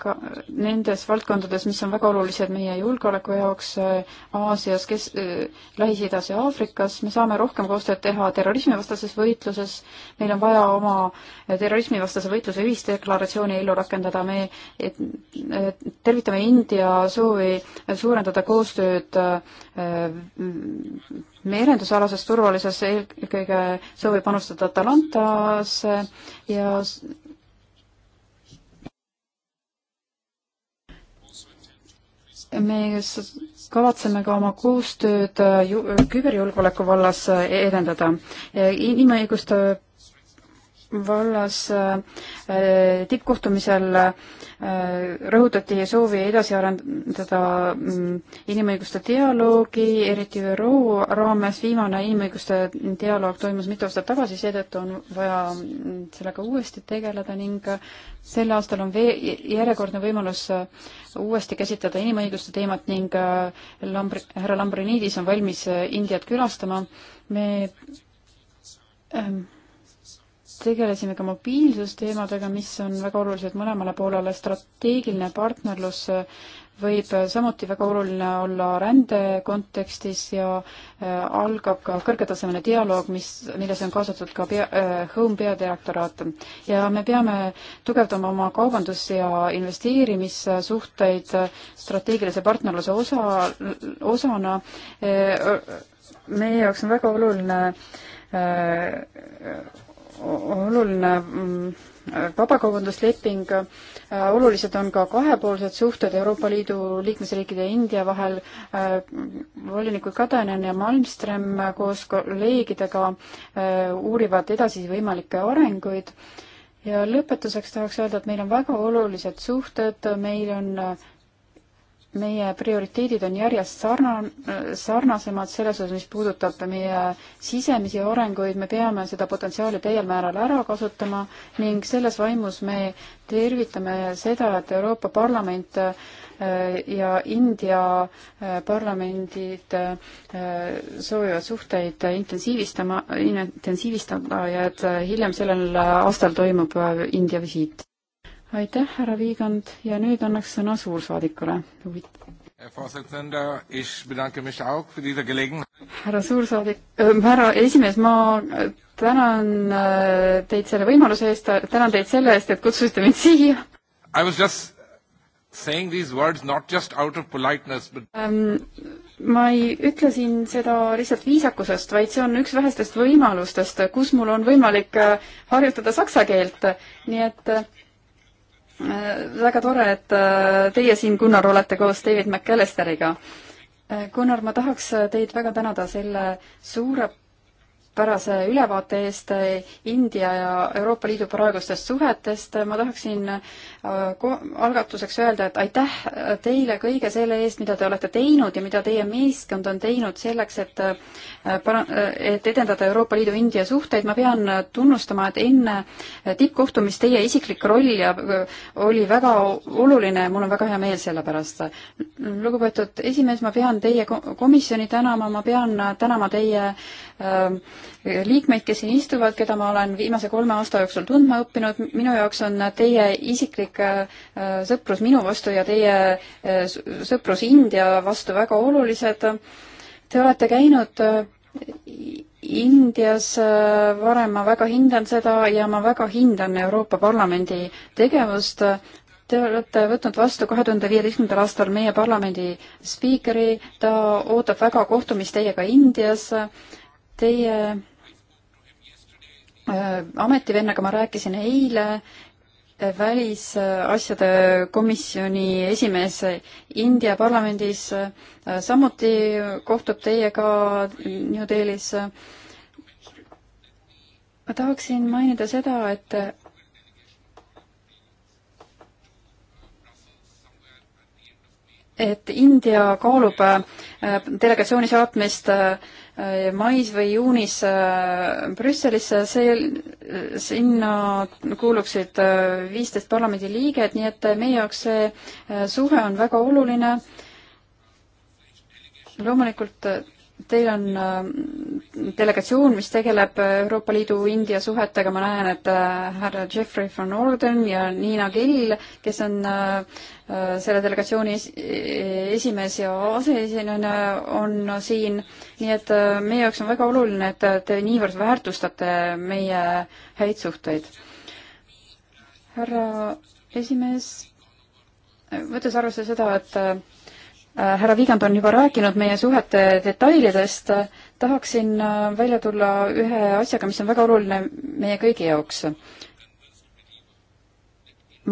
ka nendes valdkondades, mis on väga olulised meie julgeoleku jaoks äh, Aasias, kes äh,, Lähis-Idas ja Aafrikas, me saame rohkem koostööd teha terrorismivastases võitluses, meil on vaja oma terrorismivastase võitluse ühisdeklaratsiooni ellu rakendada, me et, et, tervitame India soovi suurendada koostööd äh, merendusalases turvalisuses, eelkõige soovi panustada Atalantasse ja me kavatseme ka oma koostööd küberjulgeoleku vallas edendada. inimõiguste vallas äh, äh, tippkohtumisel äh, rõhutati soovi edasi arendada mm, inimõiguste dialoogi, eriti ÜRO raames. viimane inimõiguste dialoog toimus mitu aastat tagasi, seetõttu on vaja mm, sellega uuesti tegeleda ning sel aastal on vee-, järjekordne võimalus uuesti käsitleda inimõiguste teemat ning Lambri-, härra Lambrinidis on valmis Indiat külastama. me ähm, tegelesime ka mobiilsusteemadega, mis on väga olulised mõlemale poolele, strateegiline partnerlus võib samuti väga oluline olla rände kontekstis ja äh, algab ka kõrgetasemeline dialoog, mis, millesse on kaasatud ka pea, äh, Home peadirektoraat. ja me peame tugevdama oma kaubandus- ja investeerimissuhteid strateegilise partnerluse osa, osana. Äh, meie jaoks on väga oluline oluline mm, vabakaubandusleping, äh, olulised on ka kahepoolsed suhted Euroopa Liidu liikmesriikide ja India vahel. Äh, volinikud Katainen ja Malmström koos kolleegidega äh, uurivad edasisi võimalikke arenguid ja lõpetuseks tahaks öelda, et meil on väga olulised suhted, meil on meie prioriteedid on järjest sarna-, sarnasemad selles osas, mis puudutab meie sisemisi arenguid, me peame seda potentsiaali täiel määral ära kasutama ning selles vaimus me tervitame seda, et Euroopa Parlament äh, ja India äh, parlamendid äh, soovivad suhteid intensiivistama, intensiivistada ja et hiljem sellel aastal toimub India visiit aitäh, härra Viigand ja nüüd annaks sõna suursaadikule. härra suursaadik äh,, härra esimees, ma tänan äh, teid selle võimaluse eest, tänan teid selle eest, et kutsusite mind siia. I was just saying these words not just out of politeness but um, ma ei ütle siin seda lihtsalt viisakusest, vaid see on üks vähestest võimalustest, kus mul on võimalik äh, harjutada saksa keelt, nii et äh, Äh, väga tore, et äh, teie siin, Gunnar, olete koos David McAllisteriga. Äh, Gunnar, ma tahaks teid väga tänada selle suure pärase ülevaate eest India ja Euroopa Liidu praegustest suhetest. ma tahaksin äh, algatuseks öelda, et aitäh teile kõige selle eest, mida te olete teinud ja mida teie meeskond on teinud selleks, et äh, para-, et edendada Euroopa Liidu India suhteid. ma pean tunnustama, et enne tippkohtumist teie isiklik roll ja äh, oli väga oluline ja mul on väga hea meel selle pärast. lugupeetud esimees, ma pean teie komisjoni tänama, ma pean tänama teie äh, liikmeid, kes siin istuvad, keda ma olen viimase kolme aasta jooksul tundma õppinud, minu jaoks on teie isiklik äh, sõprus minu vastu ja teie äh, sõprus India vastu väga olulised. Te olete käinud äh, Indias varem, ma väga hindan seda ja ma väga hindan Euroopa Parlamendi tegevust. Te olete võtnud vastu kahe tuhande viieteistkümnendal aastal meie parlamendi spiikri, ta ootab väga kohtumist teiega Indias Teie äh, ametivennaga ma rääkisin eile äh, välisasjade komisjoni esimees India parlamendis äh, samuti kohtub teiega New Delhis. ma tahaksin mainida seda, et et India kaalub delegatsiooni saatmist äh, Äh, mais või juunis äh, Brüsselisse, see, sinna kuuluksid äh, viisteist parlamendiliiget, nii et meie jaoks see suhe on väga oluline. loomulikult Teil on äh, delegatsioon, mis tegeleb äh, Euroopa Liidu-India suhetega, ma näen, et äh, härra Jeffrey von Orden ja Niina Kill, kes on selle delegatsiooni e-, esimees ja aseesinejana on siin, nii et meie jaoks on väga oluline, et te niivõrd väärtustate meie häid suhteid. härra esimees, võttes arvesse seda, et Äh, härra Viigand on juba rääkinud meie suhete detailidest, tahaksin äh, välja tulla ühe asjaga, mis on väga oluline meie kõigi jaoks.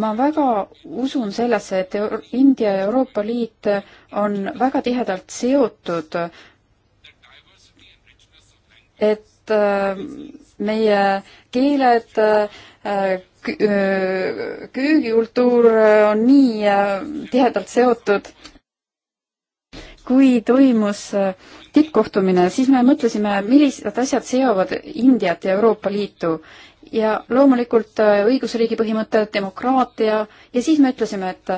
ma väga usun sellesse, et India ja Euroopa Liit on väga tihedalt seotud, et äh, meie keeled, köögikultuur on nii tihedalt seotud kui toimus äh, tippkohtumine, siis me mõtlesime, millised asjad seovad Indiat ja Euroopa Liitu ja loomulikult äh, õigusriigi põhimõte, demokraatia ja siis me ütlesime, et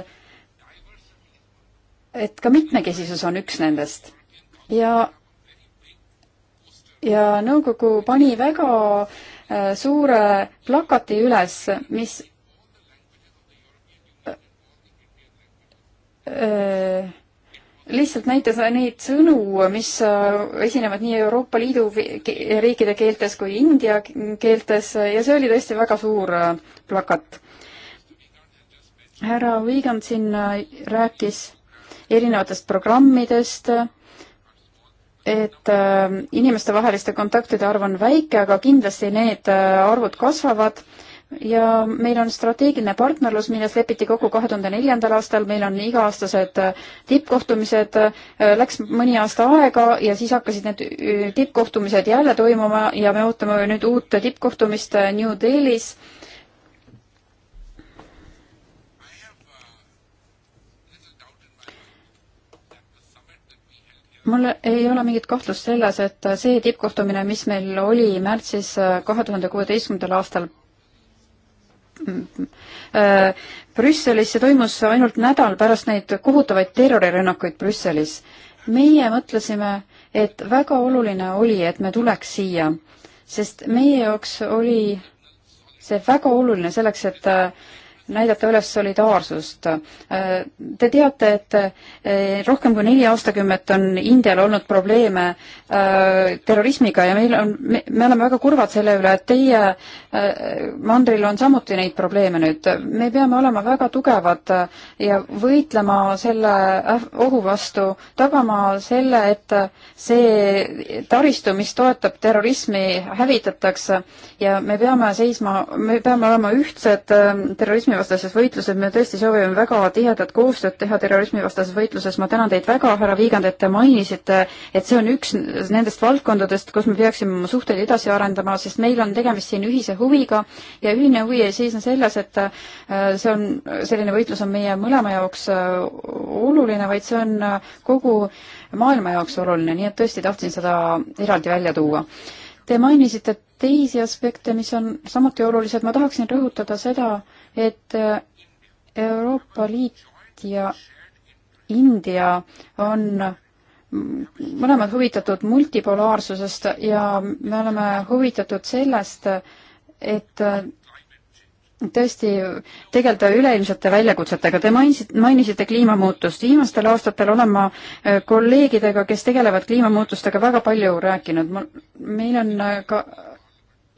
et ka mitmekesisus on üks nendest. ja, ja nõukogu pani väga äh, suure plakati üles, mis öö, äh, lihtsalt näitas neid sõnu, mis äh, esinevad nii Euroopa Liidu riikide keeltes kui India keeltes ja see oli tõesti väga suur äh, plakat. härra Viigand siin äh, rääkis erinevatest programmidest, et inimestevaheliste kontaktide arv on väike, aga kindlasti need arvud kasvavad ja meil on strateegiline partnerlus, milles lepiti kokku kahe tuhande neljandal aastal, meil on iga-aastased äh, tippkohtumised, äh, läks mõni aasta aega ja siis hakkasid need äh, tippkohtumised jälle toimuma ja me ootame nüüd uut tippkohtumist New Delhis. mul ei ole mingit kahtlust selles, et see tippkohtumine, mis meil oli märtsis kahe tuhande kuueteistkümnendal aastal Äh, Brüsselis, see toimus ainult nädal pärast neid kohutavaid terrorirünnakuid Brüsselis. meie mõtlesime, et väga oluline oli, et me tuleks siia, sest meie jaoks oli see väga oluline selleks, et äh, näidata üles solidaarsust. Te teate, et eh, rohkem kui neli aastakümmet on Indial olnud probleeme eh, terrorismiga ja meil on, me oleme väga kurvad selle üle, et teie eh, mandril on samuti neid probleeme nüüd. me peame olema väga tugevad ja võitlema selle ohu vastu, tagama selle, et see taristu, mis toetab terrorismi, hävitatakse ja me peame seisma, me peame olema ühtsed terrorismi terrorismivastases võitluses, me tõesti soovime väga tihedat koostööd teha terrorismivastases võitluses, ma tänan teid väga, härra Viigand, et te mainisite, et see on üks nendest valdkondadest, kus me peaksime oma suhteid edasi arendama, sest meil on tegemist siin ühise huviga ja ühine huvi ei seisne selles, et äh, see on, selline võitlus on meie mõlema jaoks äh, oluline, vaid see on äh, kogu maailma jaoks oluline, nii et tõesti tahtsin seda eraldi välja tuua. Te mainisite teisi aspekte, mis on samuti olulised, ma tahaksin rõhutada seda, et äh, Euroopa Liit ja India on mõlemad huvitatud multipolaarsusest ja me oleme huvitatud sellest, et äh, tõesti tegeleda üleilmsete väljakutsetega. Te mainisite, mainisite kliimamuutust. viimastel aastatel olen ma äh, kolleegidega, kes tegelevad kliimamuutustega, väga palju rääkinud. meil on ka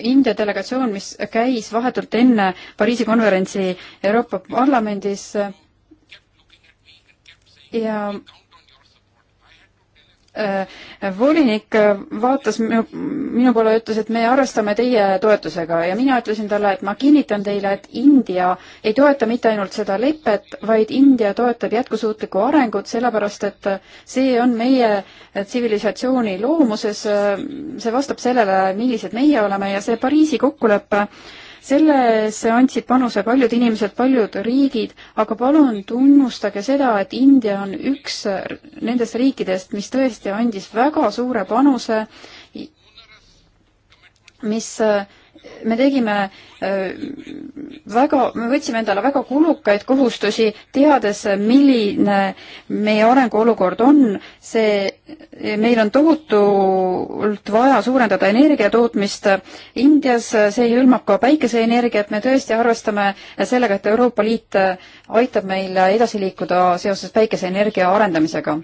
India delegatsioon, mis käis vahetult enne Pariisi konverentsi Euroopa Parlamendis ja Äh, volinik äh, vaatas minu, minu poole ja ütles, et me arvestame teie toetusega ja mina ütlesin talle, et ma kinnitan teile, et India ei toeta mitte ainult seda lepet, vaid India toetab jätkusuutlikku arengut, sellepärast et see on meie tsivilisatsiooni loomuses, äh, see vastab sellele, millised meie oleme ja see Pariisi kokkulepe äh, sellesse andsid panuse paljud inimesed, paljud riigid, aga palun tunnustage seda, et India on üks nendest riikidest, mis tõesti andis väga suure panuse, mis äh, me tegime äh, väga, me võtsime endale väga kulukaid kohustusi, teades, milline meie arenguolukord on, see, meil on tohutult vaja suurendada energiatootmist Indias, äh, see hõlmab ka päikeseenergiat, me tõesti arvestame sellega, et Euroopa Liit äh, aitab meil edasi liikuda seoses päikeseenergia arendamisega.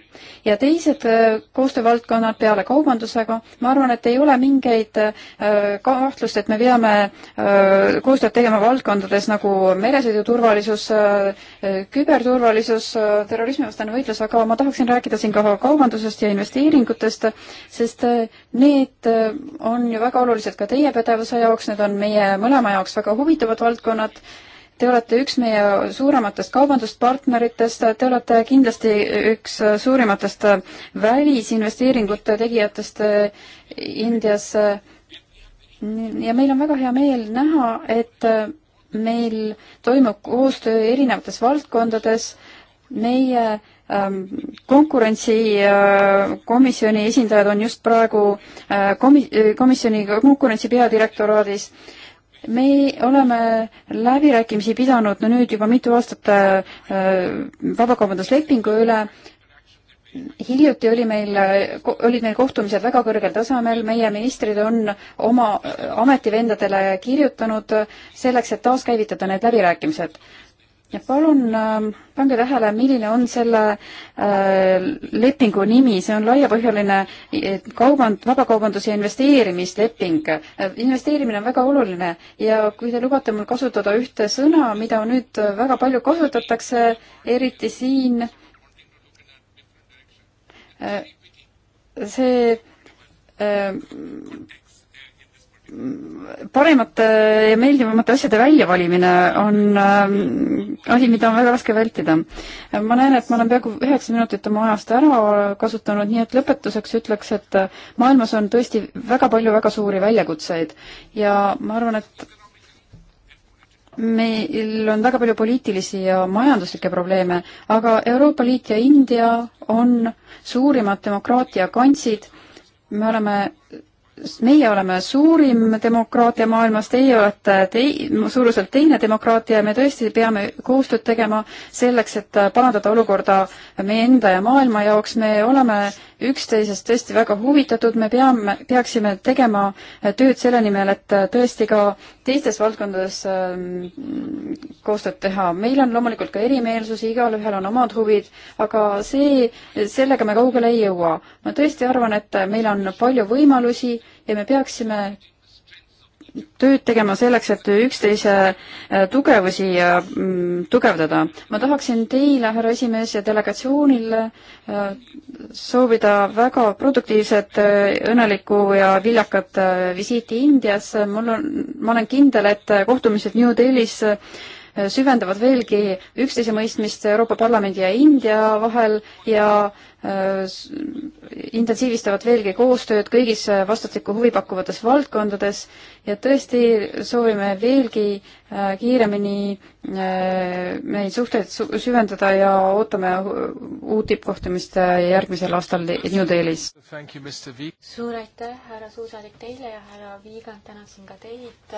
ja teised äh, koostöövaldkonnad peale kaubandusega, ma arvan, et ei ole mingeid äh, kahtlust, et me peame äh, koostööd tegema valdkondades nagu meresõiduturvalisus, küberturvalisus, terrorismivastane võitlus, aga ma tahaksin rääkida siin ka kaubandusest ja investeeringutest, sest need on ju väga olulised ka teie pädevuse jaoks, need on meie mõlema jaoks väga huvitavad valdkonnad te olete üks meie suurematest kaubanduspartneritest, te olete kindlasti üks suurimatest välisinvesteeringute tegijatest eh, Indias. ja meil on väga hea meel näha, et meil toimub koostöö erinevates valdkondades, meie ähm, konkurentsikomisjoni äh, esindajad on just praegu äh, komi-, äh, komisjoni konkurentsi peadirektoraadis me oleme läbirääkimisi pidanud no nüüd juba mitu aastat äh, äh, vabakaubanduslepingu üle. hiljuti oli meil, olid meil kohtumised väga kõrgel tasemel, meie ministrid on oma ametivendadele kirjutanud selleks, et taaskäivitada need läbirääkimised ja palun ähm, pange tähele, milline on selle äh, lepingu nimi, see on laiapõhjaline kauband, vabakaubandus- ja investeerimisleping. Äh, investeerimine on väga oluline ja kui te lubate mul kasutada ühte sõna, mida nüüd väga palju kasutatakse, eriti siin, äh, see paremate ja meeldivamate asjade väljavalimine on äh, asi, mida on väga raske vältida. ma näen, et ma olen peaaegu üheksa minutit oma ajast ära kasutanud, nii et lõpetuseks ütleks, et äh, maailmas on tõesti väga palju väga suuri väljakutseid ja ma arvan, et meil on väga palju poliitilisi ja majanduslikke probleeme, aga Euroopa Liit ja India on suurimad demokraatia kantsid, me oleme meie oleme suurim demokraatia maailmas, teie olete tei-, suuruselt teine demokraatia ja me tõesti peame koostööd tegema selleks, et parandada olukorda meie enda ja maailma jaoks, me oleme üksteisest tõesti väga huvitatud, me peame, peaksime tegema tööd selle nimel, et tõesti ka teistes valdkondades mm, koostööd teha. meil on loomulikult ka erimeelsusi, igalühel on omad huvid, aga see, sellega me kaugele ei jõua. ma tõesti arvan, et meil on palju võimalusi ja me peaksime tööd tegema selleks, et üksteise äh, tugevusi äh, mm, tugevdada. ma tahaksin teile, härra esimees, ja delegatsioonile äh, soovida väga produktiivset, õnnelikku ja viljakat visiiti Indias. mul on, ma olen kindel, et kohtumised New Delhis süvendavad veelgi üksteise mõistmist Euroopa Parlamendi ja India vahel ja Äh, intensiivistavad veelgi koostööd kõigis äh, vastastikku huvipakkuvates valdkondades ja tõesti soovime veelgi äh, kiiremini neid suhteid süvendada ja ootame uut tippkohtumist järgmisel aastal New Delhis. suur aitäh, härra suursaadik teile ja härra Viigand, tänaksin ka teid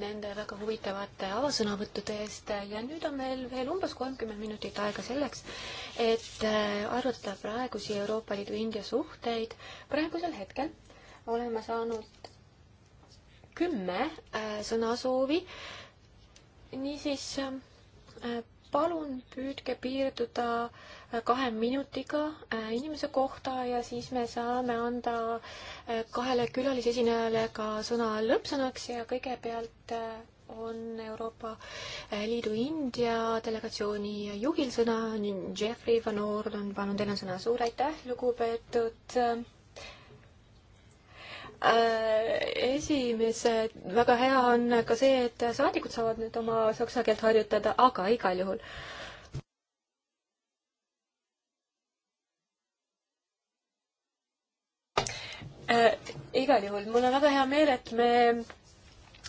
nende väga huvitavate avasõnavõttude eest ja nüüd on meil veel umbes kolmkümmend minutit aega selleks, et arvata praegu aegusi Euroopa Liidu India suhteid. praegusel hetkel olen ma saanud kümme äh, sõnasoovi. niisiis äh, palun püüdke piirduda äh, kahe minutiga inimese kohta ja siis me saame anda kahele külalisesinejale ka sõna lõppsõnaks ja kõigepealt on Euroopa eh, Liidu India delegatsiooni juhil sõna, Jeffrey Van Orden, palun, teil on sõna. suur aitäh, lugupeetud eh, esimees, väga hea on ka see, et saadikud saavad nüüd oma saksa keelt harjutada, aga igal juhul äh,. igal juhul, mul on väga hea meel, et me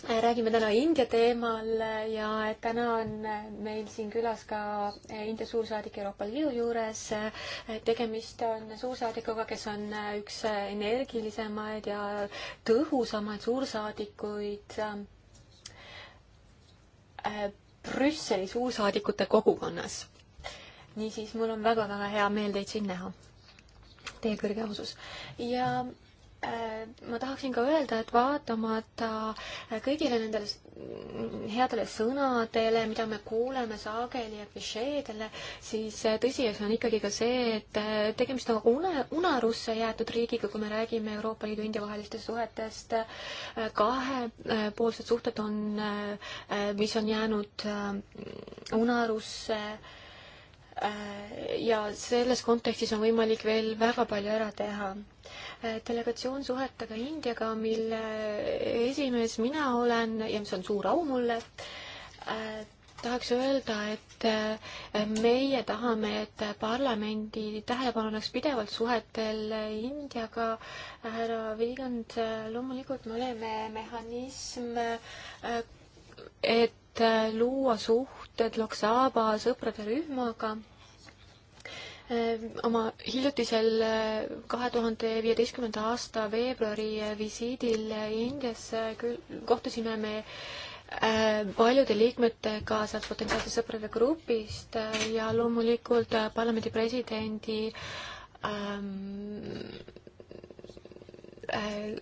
räägime täna India teemal ja täna on meil siin külas ka India suursaadik Euroopa Liidu juures. tegemist on suursaadikuga, kes on üks energilisemaid ja tõhusamaid suursaadikuid äh, Brüsseli suursaadikute kogukonnas. niisiis, mul on väga-väga hea meel teid siin näha. Teie kõrge ausus. ja Äh, ma tahaksin ka öelda, et vaatamata äh, kõigile nendele mm, headele sõnadele, mida me kuuleme sageli ja klišeedele, siis äh, tõsiasi on ikkagi ka see, et tegemist on une, unarusse jäetud riigiga, kui me räägime Euroopa Liidu India vahelistest suhetest. kahepoolsed suhted on, mis on jäänud unarusse ja selles kontekstis on võimalik veel väga palju ära teha. delegatsioon Suhetega Indiaga, mille esimees mina olen ja mis on suur au mulle, tahaks öelda, et meie tahame, et parlamendi tähelepanu oleks pidevalt suhetel Indiaga. härra Viigand, loomulikult me oleme mehhanism, et luua suht-, suhted Loksaaba sõprade rühmaga eh, oma hiljutisel eh, kahe tuhande viieteistkümnenda aasta veebruari eh, visiidil Indias küll kohtusime me paljude liikmetega sealt potentsiaalse sõprade grupist ja loomulikult parlamendi presidendi ähm, äh,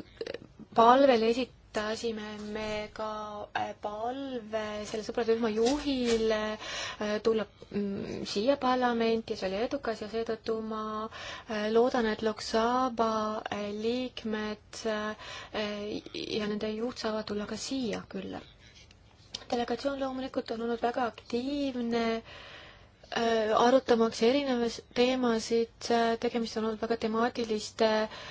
palvel esit-, esitasime me ka äh, palve selle sõprade rühma juhile äh, tulla mm, siia parlamenti, see oli edukas ja seetõttu ma äh, loodan, et Loksaba liikmed ja nende juht saavad tulla ka siia külla. delegatsioon loomulikult on olnud väga aktiivne arutamaks erinevaid teemasid, tegemist on olnud väga temaatiliste äh,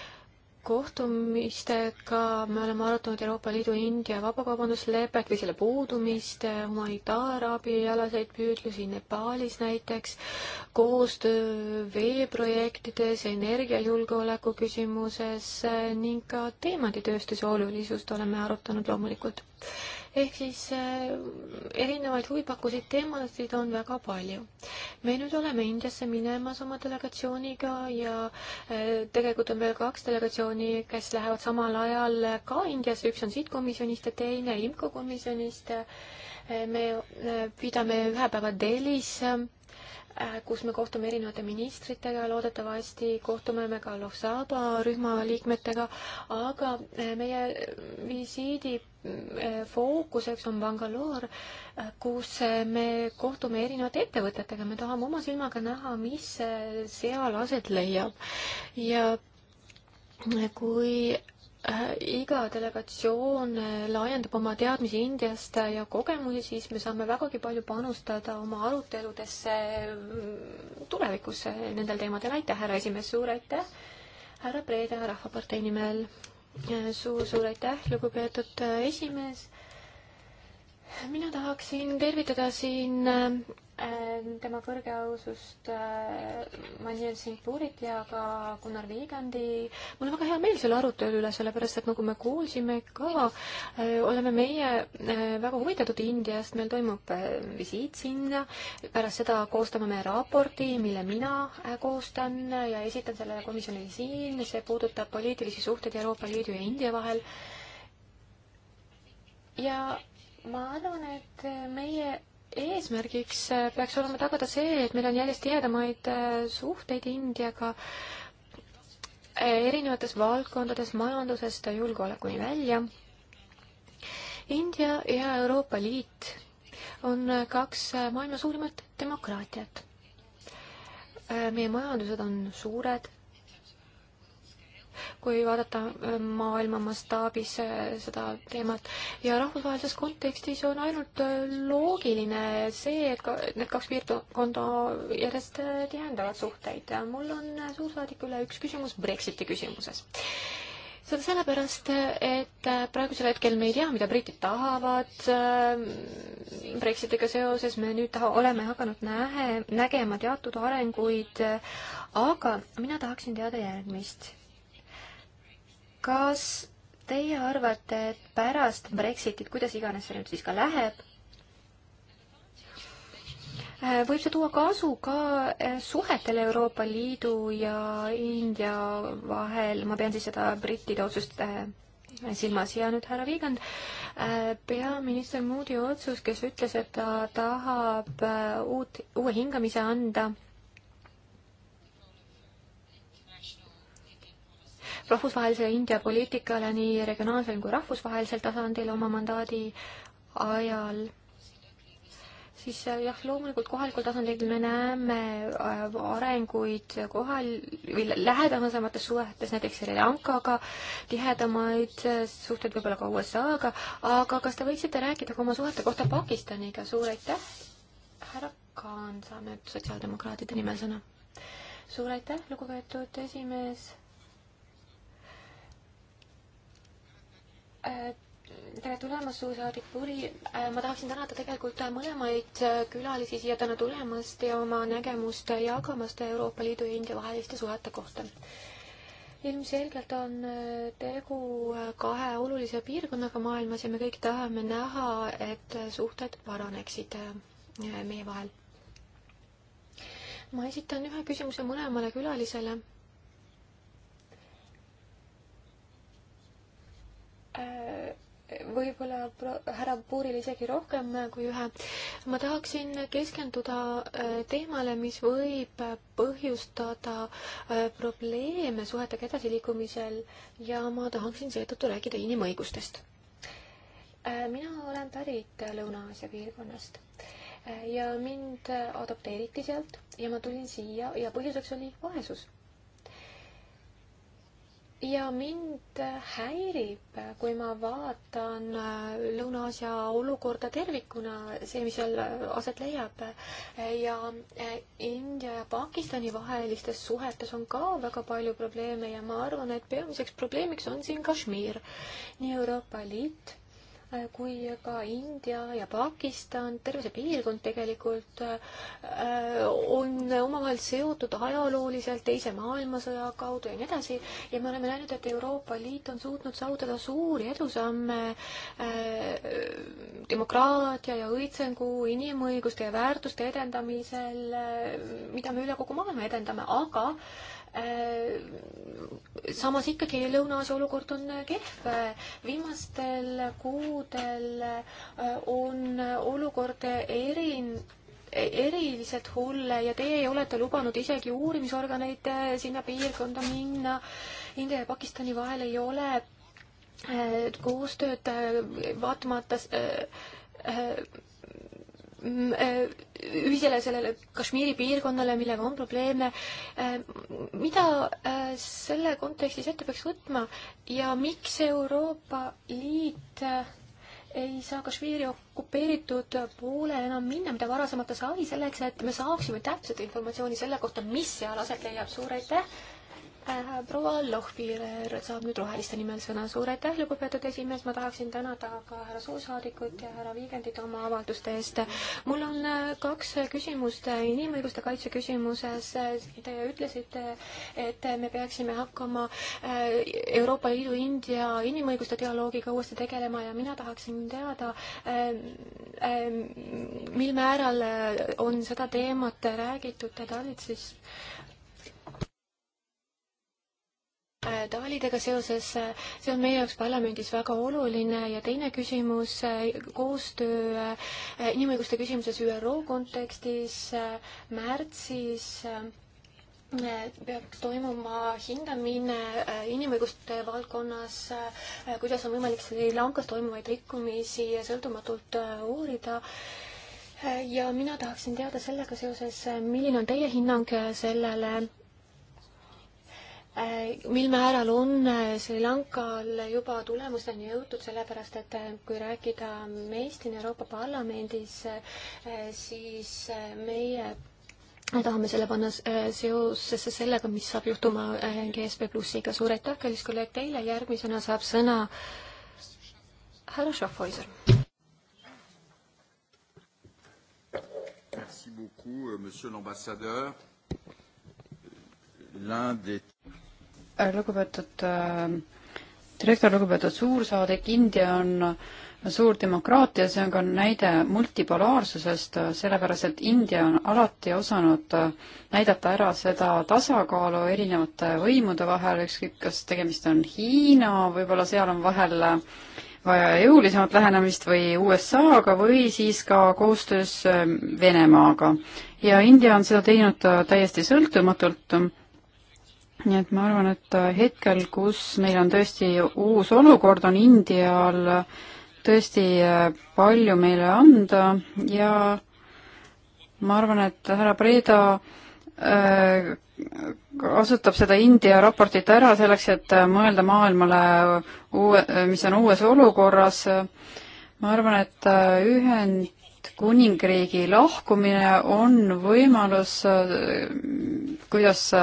kohtumistega me oleme arutanud Euroopa Liidu India vabakaubanduslepet või selle puudumist, eh, humanitaarabialaseid püüdlusi Nepaalis näiteks, koostöö veeprojektides, energiajulgeoleku küsimuses eh, ning ka teemanditööstuse olulisust oleme arutanud loomulikult ehk siis äh, erinevaid huvipakkusid teemasid on väga palju. me nüüd oleme Indiasse minemas oma delegatsiooniga ja äh, tegelikult on veel kaks delegatsiooni, kes lähevad samal ajal ka Indiasse, üks on siit komisjonist ja teine IMCO komisjonist. Äh, me pidame ühe päeva Delhis Äh, kus me kohtume erinevate ministritega, loodetavasti kohtume me ka Lohsaba rühma liikmetega, aga äh, meie visiidi äh, fookuseks on Bangalore, kus me kohtume erinevate ettevõtetega, me tahame oma silmaga näha, mis seal aset leiab. ja kui Äh, iga delegatsioon äh, laiendab oma teadmisi Indiast ja kogemusi, siis me saame vägagi palju panustada oma aruteludesse mm, tulevikus äh, nendel teemadel. aitäh, härra esimees, suur aitäh härra Preede Rahvapartei nimel suur,. suur-suur aitäh, lugupeetud esimees mina tahaksin tervitada siin äh, tema kõrge ausust äh, Maniel Singpurit ja ka Gunnar Viigandi. mul on väga hea meel selle arutelu üle, sellepärast et nagu me kuulsime ka, äh, oleme meie väga huvitatud Indiast, meil toimub visiit sinna. pärast seda koostame me raporti, mille mina koostan ja esitan sellele komisjonile siin. see puudutab poliitilisi suhteid Euroopa Liidu ja India vahel. ja ma arvan, et meie eesmärgiks äh, peaks olema tagada see, et meil on järjest tihedamaid äh, suhteid Indiaga äh, erinevates valdkondades majandusest julgeolekuni välja. India ja Euroopa Liit on kaks maailma suurimat demokraatiat. meie majandused on suured kui vaadata äh, maailma mastaabis äh, seda teemat. ja rahvusvahelises kontekstis on ainult äh, loogiline see, et ka need kaks piirkonda järjest tihendavad suhteid ja mul on suursaadikule üks küsimus Brexiti küsimuses seda sellepärast, et praegusel hetkel me ei tea, mida britid tahavad Brexitiga seoses, me nüüd taha, oleme hakanud nähe, nägema teatud arenguid, aga mina tahaksin teada järgmist kas teie arvate, et pärast Brexitit, kuidas iganes see nüüd siis ka läheb, äh, võib see tuua kasu ka äh, suhetele Euroopa Liidu ja India vahel, ma pean siis seda brittide otsust äh, silmas ja nüüd härra Viigand, peaminister Moody otsus, kes ütles, et ta tahab uut, uue hingamise anda rahvusvahelisele India poliitikale nii regionaalsel kui rahvusvahelisel tasandil oma mandaadi ajal, siis äh, jah, loomulikult kohalikul tasandil me näeme äh, arenguid kohal või lähedasemates suhetes, näiteks Sri Lankaga, tihedamaid äh, suhteid võib-olla ka USA-ga, aga kas te võiksite rääkida ka oma suhete kohta Pakistaniga, suur aitäh! härra Kaan saab nüüd sotsiaaldemokraatide nimel sõna. suur aitäh, lugupeetud esimees tere tulemast, suursaadik Puri. Äh, ma tahaksin tänada tegelikult mõlemaid äh, külalisi siia täna tulemast ja oma nägemust jagamast Euroopa Liidu ja India vaheliste suhete kohta. ilmselgelt on äh, tegu kahe olulise piirkonnaga maailmas ja me kõik tahame näha, et suhted paraneksid meie vahel. ma esitan ühe küsimuse mõlemale külalisele Äh, võib-olla härra Puuril isegi rohkem kui ühe. ma tahaksin keskenduda äh, teemale, mis võib põhjustada äh, probleeme suhetega edasiliikumisel ja ma tahaksin seetõttu rääkida inimõigustest. mina olen pärit Lõuna-Aasia piirkonnast ja mind adopteeriti sealt ja ma tulin siia ja põhjuseks oli vaesus ja mind häirib, kui ma vaatan äh, Lõuna-Aasia olukorda tervikuna, see, mis seal äh, aset leiab, ja äh, India ja Pakistani vahelistes suhetes on ka väga palju probleeme ja ma arvan, et peamiseks probleemiks on siin Kashmir. nii Euroopa Liit Äh, kui ka India ja Pakistan, terve see piirkond tegelikult äh, on omavahel seotud ajalooliselt Teise maailmasõja kaudu ja nii edasi ja me oleme näinud, et Euroopa Liit on suutnud saavutada suuri edusamme äh, demokraatia ja õitsengu, inimõiguste ja väärtuste edendamisel, mida me üle kogu maailma edendame, aga Äh, samas ikkagi Lõuna-Aasia olukord on kehv. viimastel kuudel äh, on olukord erin-, eriliselt hull ja teie olete lubanud isegi uurimisorganeid äh, sinna piirkonda minna. India ja Pakistani vahel ei ole koostööd vaatamata äh, äh, Mm, äh, ühisele sellele Kashmiri piirkonnale, millega on probleeme, äh, mida äh, selle kontekstis ette peaks võtma ja miks Euroopa Liit ei saa Kashmiri okupeeritud poole enam minna, mida varasemalt ta sai, selleks et me saaksime täpset informatsiooni selle kohta, mis seal aset leiab. suur aitäh! Äh, proua Lohvir saab nüüd Roheliste nimel sõna. suur aitäh, lugupeetud esimees, ma tahaksin tänada ka härra suursaadikut ja härra Viigendit oma avalduste eest. mul on äh, kaks küsimust äh, inimõiguste kaitse küsimuses. Te ütlesite, et me peaksime hakkama Euroopa Liidu, India inimõiguste dialoogiga uuesti tegelema ja mina tahaksin teada, mil määral on seda teemat räägitud Talitsis Äh, taalidega seoses, äh, see on meie jaoks parlamendis väga oluline ja teine küsimus, äh, koostöö inimõiguste küsimuses ÜRO kontekstis märtsis peaks toimuma hindamine inimõiguste valdkonnas, kuidas on võimalik Sri Lankas toimuvaid rikkumisi sõltumatult uurida ja mina tahaksin teada sellega seoses, milline on teie hinnang sellele Äh, mil määral on äh, Sri Lankal juba tulemusteni jõutud, sellepärast et äh, kui rääkida meist siin Euroopa Parlamendis, siis meie tahame selle panna seosesse sellega, mis saab juhtuma GSP Plussiga. suur aitäh, kallis kolleeg teile, järgmisena saab sõna härra Schaffhäuser. Merci beaucoup, euh, monsieur l'ambassadeur. L'un des Äh, lugupeetud äh, direktor, lugupeetud suursaadik, India on suur demokraatia, see on ka näide multipolaarsusest, sellepärast et India on alati osanud äh, näidata ära seda tasakaalu erinevate võimude vahel, ükskõik kas tegemist on Hiina, võib-olla seal on vahel vaja jõulisemat lähenemist või USA-ga või siis ka koostöös Venemaaga. ja India on seda teinud täiesti sõltumatult nii et ma arvan, et äh, hetkel, kus meil on tõesti uus olukord, on Indial tõesti äh, palju meile anda ja ma arvan, et härra Breda äh, kasutab seda India raportit ära selleks, et äh, mõelda maailmale uue, mis on uues olukorras. ma arvan, et Ühendkuningriigi lahkumine on võimalus, kuidas äh,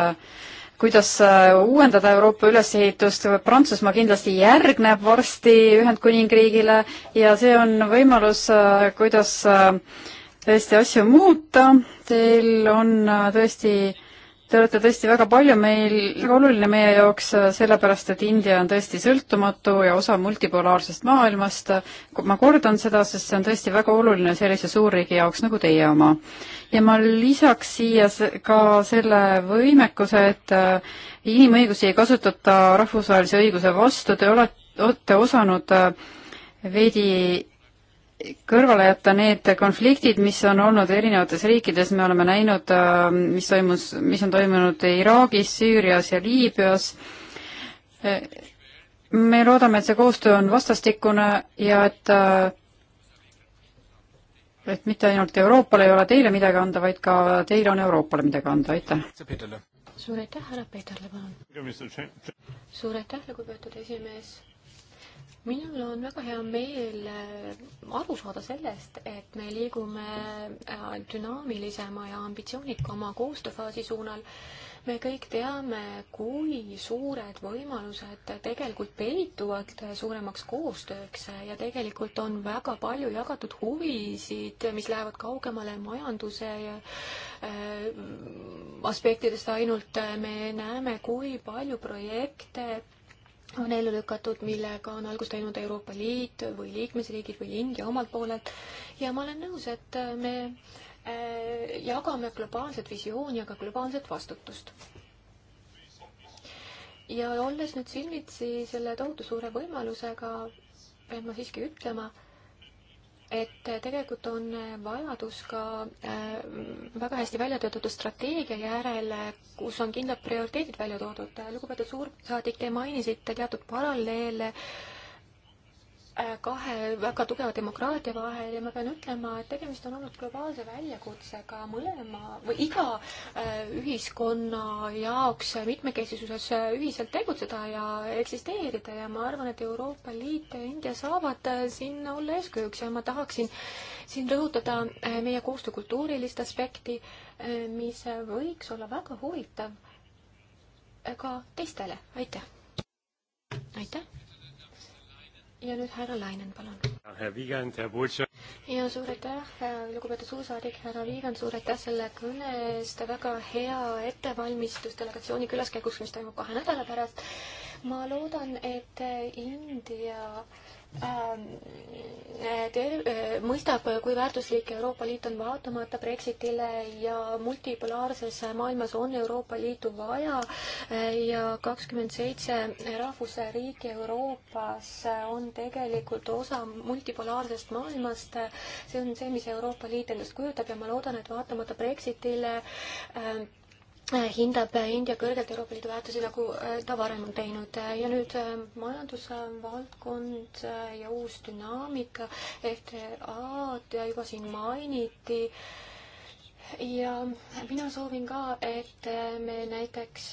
kuidas äh, uuendada Euroopa ülesehitust, Prantsusmaa kindlasti järgneb varsti Ühendkuningriigile ja see on võimalus, äh, kuidas äh, tõesti asju muuta, teil on tõesti äh, Te olete tõesti väga palju meil, väga oluline meie jaoks, sellepärast et India on tõesti sõltumatu ja osa multipolaarsest maailmast. ma kordan seda, sest see on tõesti väga oluline sellise suurriigi jaoks nagu teie oma. ja ma lisaks siia ka selle võimekuse, et äh, inimõigusi ei kasutata rahvusvahelise õiguse vastu, te olete, olete osanud äh, veidi kõrvale jätta need konfliktid, mis on olnud erinevates riikides, me oleme näinud, äh, mis toimus, mis on toimunud Iraagis, Süürias ja Liibüas. me loodame, et see koostöö on vastastikune ja et äh, et mitte ainult Euroopal ei ole teile midagi anda, vaid ka teil on Euroopale midagi anda, aitäh! suur aitäh, härra Peeterle, palun! suur aitäh, lugupeetud esimees! minul on väga hea meel äh, aru saada sellest, et me liigume äh, dünaamilisema ja ambitsioonikama koostööfaasi suunal. me kõik teame, kui suured võimalused tegelikult peituvad suuremaks koostööks ja tegelikult on väga palju jagatud huvisid, mis lähevad kaugemale majanduse äh, aspektidest ainult. me näeme, kui palju projekte on ellu lükatud, millega on algust teinud Euroopa Liit või liikmesriigid või India omalt poolelt ja ma olen nõus, et me äh, jagame globaalset visiooni, aga globaalset vastutust. ja olles nüüd silmitsi selle tohutu suure võimalusega, pean ma siiski ütlema, et tegelikult on vajadus ka äh, väga hästi välja töötatud strateegia järele, kus on kindlad prioriteedid välja toodud. lugupeetud suursaadik, te mainisite teatud paralleele äh, Äh, kahe väga tugeva demokraatia vahel ja ma pean ütlema, et tegemist on olnud globaalse väljakutsega mõlema või iga äh, ühiskonna jaoks mitmekesisuses äh, ühiselt tegutseda ja eksisteerida ja ma arvan, et Euroopa Liit ja India saavad siin olla eeskujuks ja ma tahaksin siin rõhutada meie koostöö kultuurilist aspekti, mis võiks olla väga huvitav ka teistele, aitäh! aitäh! ja nüüd härra Lainen, palun. ja suur aitäh, äh, lugupeetud suursaadik härra Viigand, suur aitäh selle kõne eest, väga hea ettevalmistus delegatsiooni külaskäiguks, mis toimub kahe nädala pärast. ma loodan, et äh, India äh, Ähm, äh, ter-, äh, mõistab, kui väärtuslik Euroopa Liit on vaatamata Brexitile ja multipolaarses maailmas on Euroopa Liitu vaja äh, ja kakskümmend seitse rahvusriiki Euroopas on tegelikult osa multipolaarsest maailmast. see on see, mis Euroopa Liit endast kujutab ja ma loodan, et vaatamata Brexitile äh, Äh, hindab India kõrgelt Euroopa Liidu väärtusi, nagu äh, ta varem on teinud ja nüüd äh, majandusvaldkond ja uus dünaamika, FTA-d juba siin mainiti. ja mina soovin ka, et me näiteks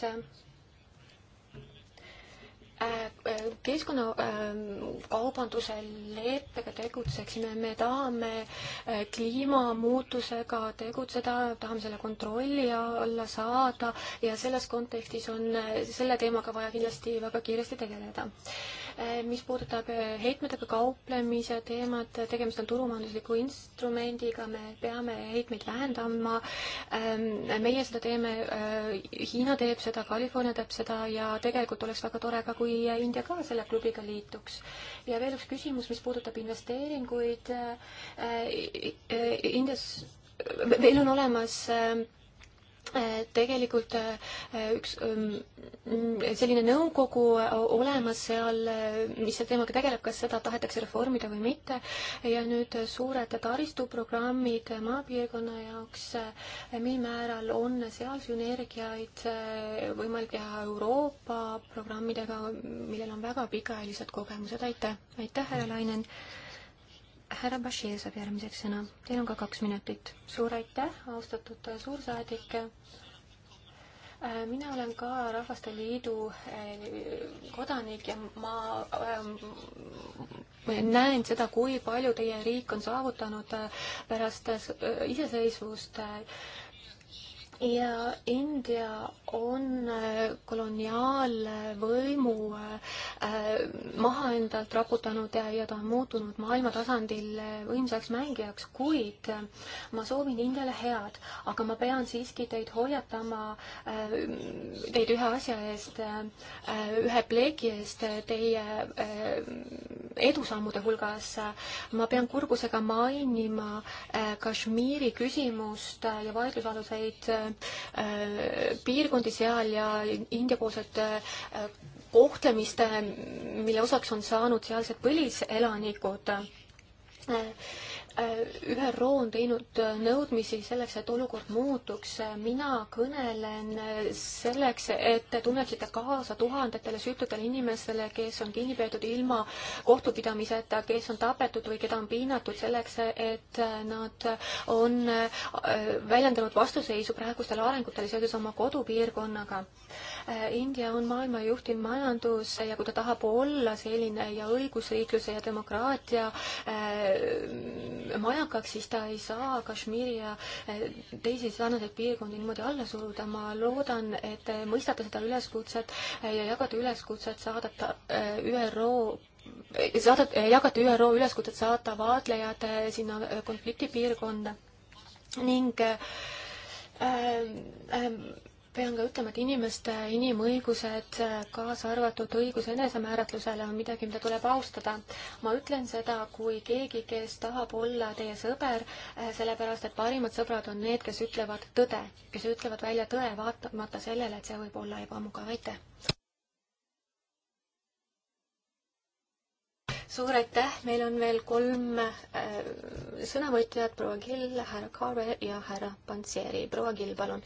Äh, äh, keskkonnakaubanduse ähm, leppega tegutseksime, me tahame äh, kliimamuutusega tegutseda, tahame selle kontrolli alla saada ja selles kontekstis on selle teemaga vaja kindlasti väga kiiresti tegeleda. mis puudutab heitmetega kauplemise teemat, tegemist on turumajandusliku instrumendiga, me peame heitmeid vähendama. Ähm, meie seda teeme, Hiina teeb seda, California teeb seda ja tegelikult oleks väga tore ka, kui kui India ka selle klubiga liituks. ja veel üks küsimus, mis puudutab investeeringuid. Äh, äh, äh, Indias, meil on olemas äh, Äh, tegelikult äh, üks ähm, selline nõukogu äh, olemas seal, mis selle teemaga tegeleb, kas seda tahetakse reformida või mitte, ja nüüd suured taristuprogrammid maapiirkonna jaoks, mil määral on seal sünergiaid võimalik teha Euroopa programmidega, millel on väga pikaajalised kogemused, aitäh, aitäh, härra Lainen! härra Bashir saab järgmiseks sõna. Teil on ka kaks minutit. suur aitäh, austatud suursaadik. Äh, mina olen ka Rahvaste Liidu äh, kodanik ja ma ähm, näen seda, kui palju teie riik on saavutanud äh, pärast iseseisvust ja India on äh, koloniaalvõimu äh, maha endalt raputanud ja, ja ta on muutunud maailma tasandil äh, võimsaks mängijaks, kuid ma soovin Indiale head, aga ma pean siiski teid hoiatama, teid ühe asja eest, ühe pleegi eest teie edusammude hulgas. ma pean kurbusega mainima Kashmiri küsimust ja vaidlusaluseid Äh, piirkondi seal ja India-poolset äh, kohtlemist, äh, mille osaks on saanud sealsed põliselanikud Äh, ÜRO on teinud äh, nõudmisi selleks, et olukord muutuks. mina kõnelen äh, selleks, et te tunneksite kaasa tuhandetele süütutele inimestele, kes on kinni peetud ilma kohtupidamiseta, kes on tapetud või keda on piinatud selleks, et nad on väljendanud vastuseisu praegustele arengutele seoses oma kodupiirkonnaga. India on maailma juhtiv majandus ja kui ta tahab olla selline ja õigusriikluse ja demokraatia majakaks, siis ta ei saa Kashmiri ja eh, teisi sarnaseid piirkondi niimoodi alla suruda. ma loodan, et te eh, mõistate seda üleskutset eh, ja jagate üleskutset saadata ÜRO saada, jagate ÜRO üleskutset saata vaatlejad sinna konfliktipiirkonda ning ähm, ähm, pean ka ütlema, et inimeste inimõigused, kaasa arvatud õigus enesemääratlusele, on midagi, mida tuleb austada. ma ütlen seda kui keegi, kes tahab olla teie sõber, eh, sellepärast et parimad sõbrad on need, kes ütlevad tõde, kes ütlevad välja tõe, vaatamata sellele, et see võib olla ebamugav. aitäh! suur aitäh, meil on veel kolm äh, sõnavõtjat, proua Kill, härra Kaarve ja härra Pantseri. proua Kill, palun.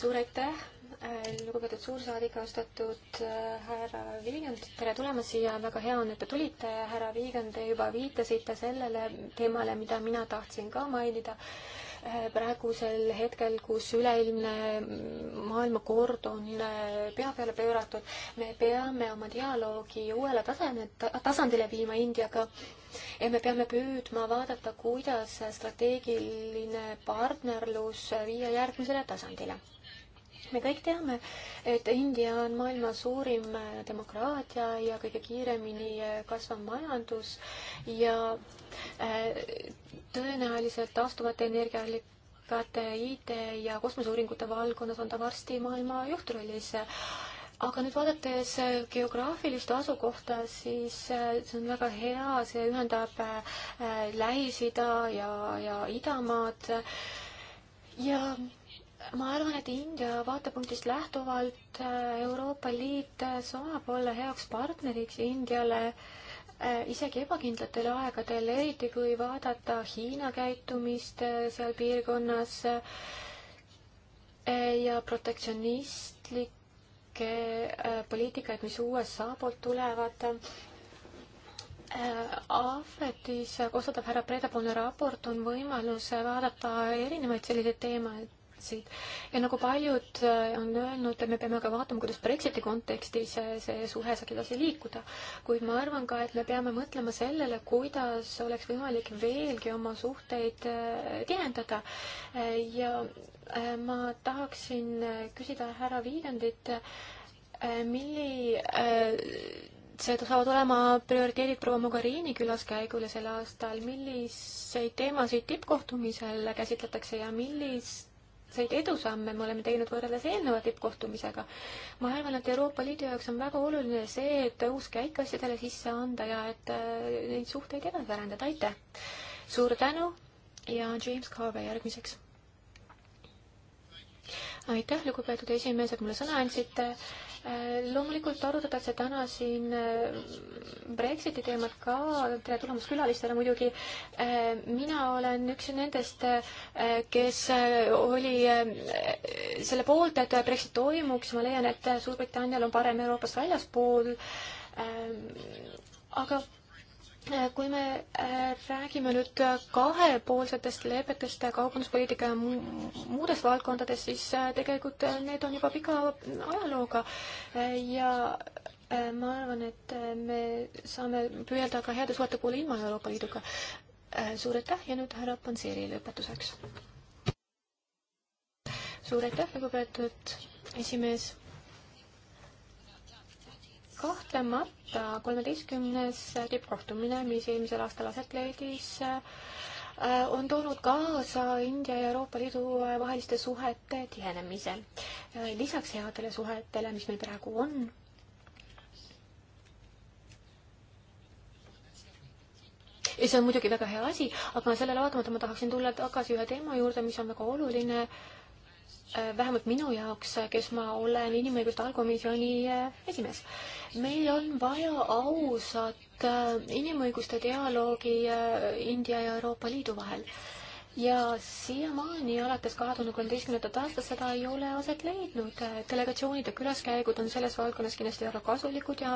suur aitäh äh,, lugupeetud suursaadik, austatud äh, härra Viigand, tere tulemast siia, väga hea on, et te tulite. härra Viigand, te juba viitasite sellele teemale, mida mina tahtsin ka mainida äh, praegusel hetkel, kus üleilmne maailmakord on pea peale pööratud, me peame oma dialoogi uuele tasemele, tasandile viima Indiaga ja me peame püüdma vaadata, kuidas strateegiline partnerlus viia järgmisele tasandile me kõik teame, et India on maailma suurim äh, demokraatia ja kõige kiiremini äh, kasvav majandus ja äh, tõenäoliselt taastuvate energiaallikate, IT ja kosmoseuuringute valdkonnas on ta varsti maailma juhtrollis. aga nüüd vaadates geograafilist asukohta, siis see on väga hea, see ühendab Lähis-Ida ja, ja Idamaad ja ma arvan, et India vaatepunktist lähtuvalt äh, Euroopa Liit äh, saab olla heaks partneriks Indiale äh, isegi ebakindlatel aegadel, eriti kui vaadata Hiina käitumist seal piirkonnas ja protektsionistlikke poliitikaid, mis USA poolt tulevad. Ahvetis kostatav härra Preda poolne raport on võimalus vaadata erinevaid selliseid teemaid Brexit. ja nagu paljud äh, on öelnud, me peame ka vaatama, kuidas Brexiti kontekstis äh, see suhe saab edasi liikuda. kuid ma arvan ka, et me peame mõtlema sellele, kuidas oleks võimalik veelgi oma suhteid äh, tihendada ja ma tahaksin küsida härra Viidendit, milli seda saavad olema prioriteedid proua Mogherini külaskäigule sel aastal, milliseid teemasid tippkohtumisel käsitletakse ja millist milliseid edusamme me oleme teinud võrreldes eelneva tippkohtumisega. ma arvan, et Euroopa Liidu jaoks on väga oluline see, et uus käik asjadele sisse anda ja et äh, neid suhteid edasi arendada, aitäh! suur tänu ja James Carver järgmiseks aitäh, lugupeetud esimees, et mulle sõna andsite. Äh, loomulikult arutatakse täna siin äh, Brexiti teemat ka, tere tulemast külalistele muidugi. Äh, mina olen üks nendest, kes oli selle poolt, et Brexit toimuks, ma leian, et Suurbritannial on parem Euroopast väljaspool. aga kui me äh, räägime nüüd kahepoolsetest lepetest kaubanduspoliitika ja muudes valdkondades, siis äh, tegelikult äh, need on juba pika ajalooga ja ma arvan, et me saame püüelda ka heade suhete poole ilma Euroopa Liiduga. suur aitäh ja nüüd härra Panseri lõpetuseks. suur aitäh, lugupeetud esimees kahtlemata kolmeteistkümnes tippkohtumine, mis eelmisel aastal aset leidis, äh, on toonud kaasa India ja Euroopa Liidu vaheliste suhete tihenemise. Äh, lisaks headele suhetele, mis meil praegu on, ja see on muidugi väga hea asi, aga sellele vaatamata ma tahaksin tulla tagasi ühe teema juurde, mis on väga oluline äh, Äh, vähemalt minu jaoks, äh, kes ma olen inimõiguste allkomisjoni äh, esimees. meil on vaja ausat inimõiguste dialoogi India ja Euroopa Liidu vahel. ja siiamaani, alates kahe tuhande kolmeteistkümnendat aastat, seda ei ole aset leidnud. delegatsioonide külaskäigud on selles valdkonnas kindlasti väga kasulikud ja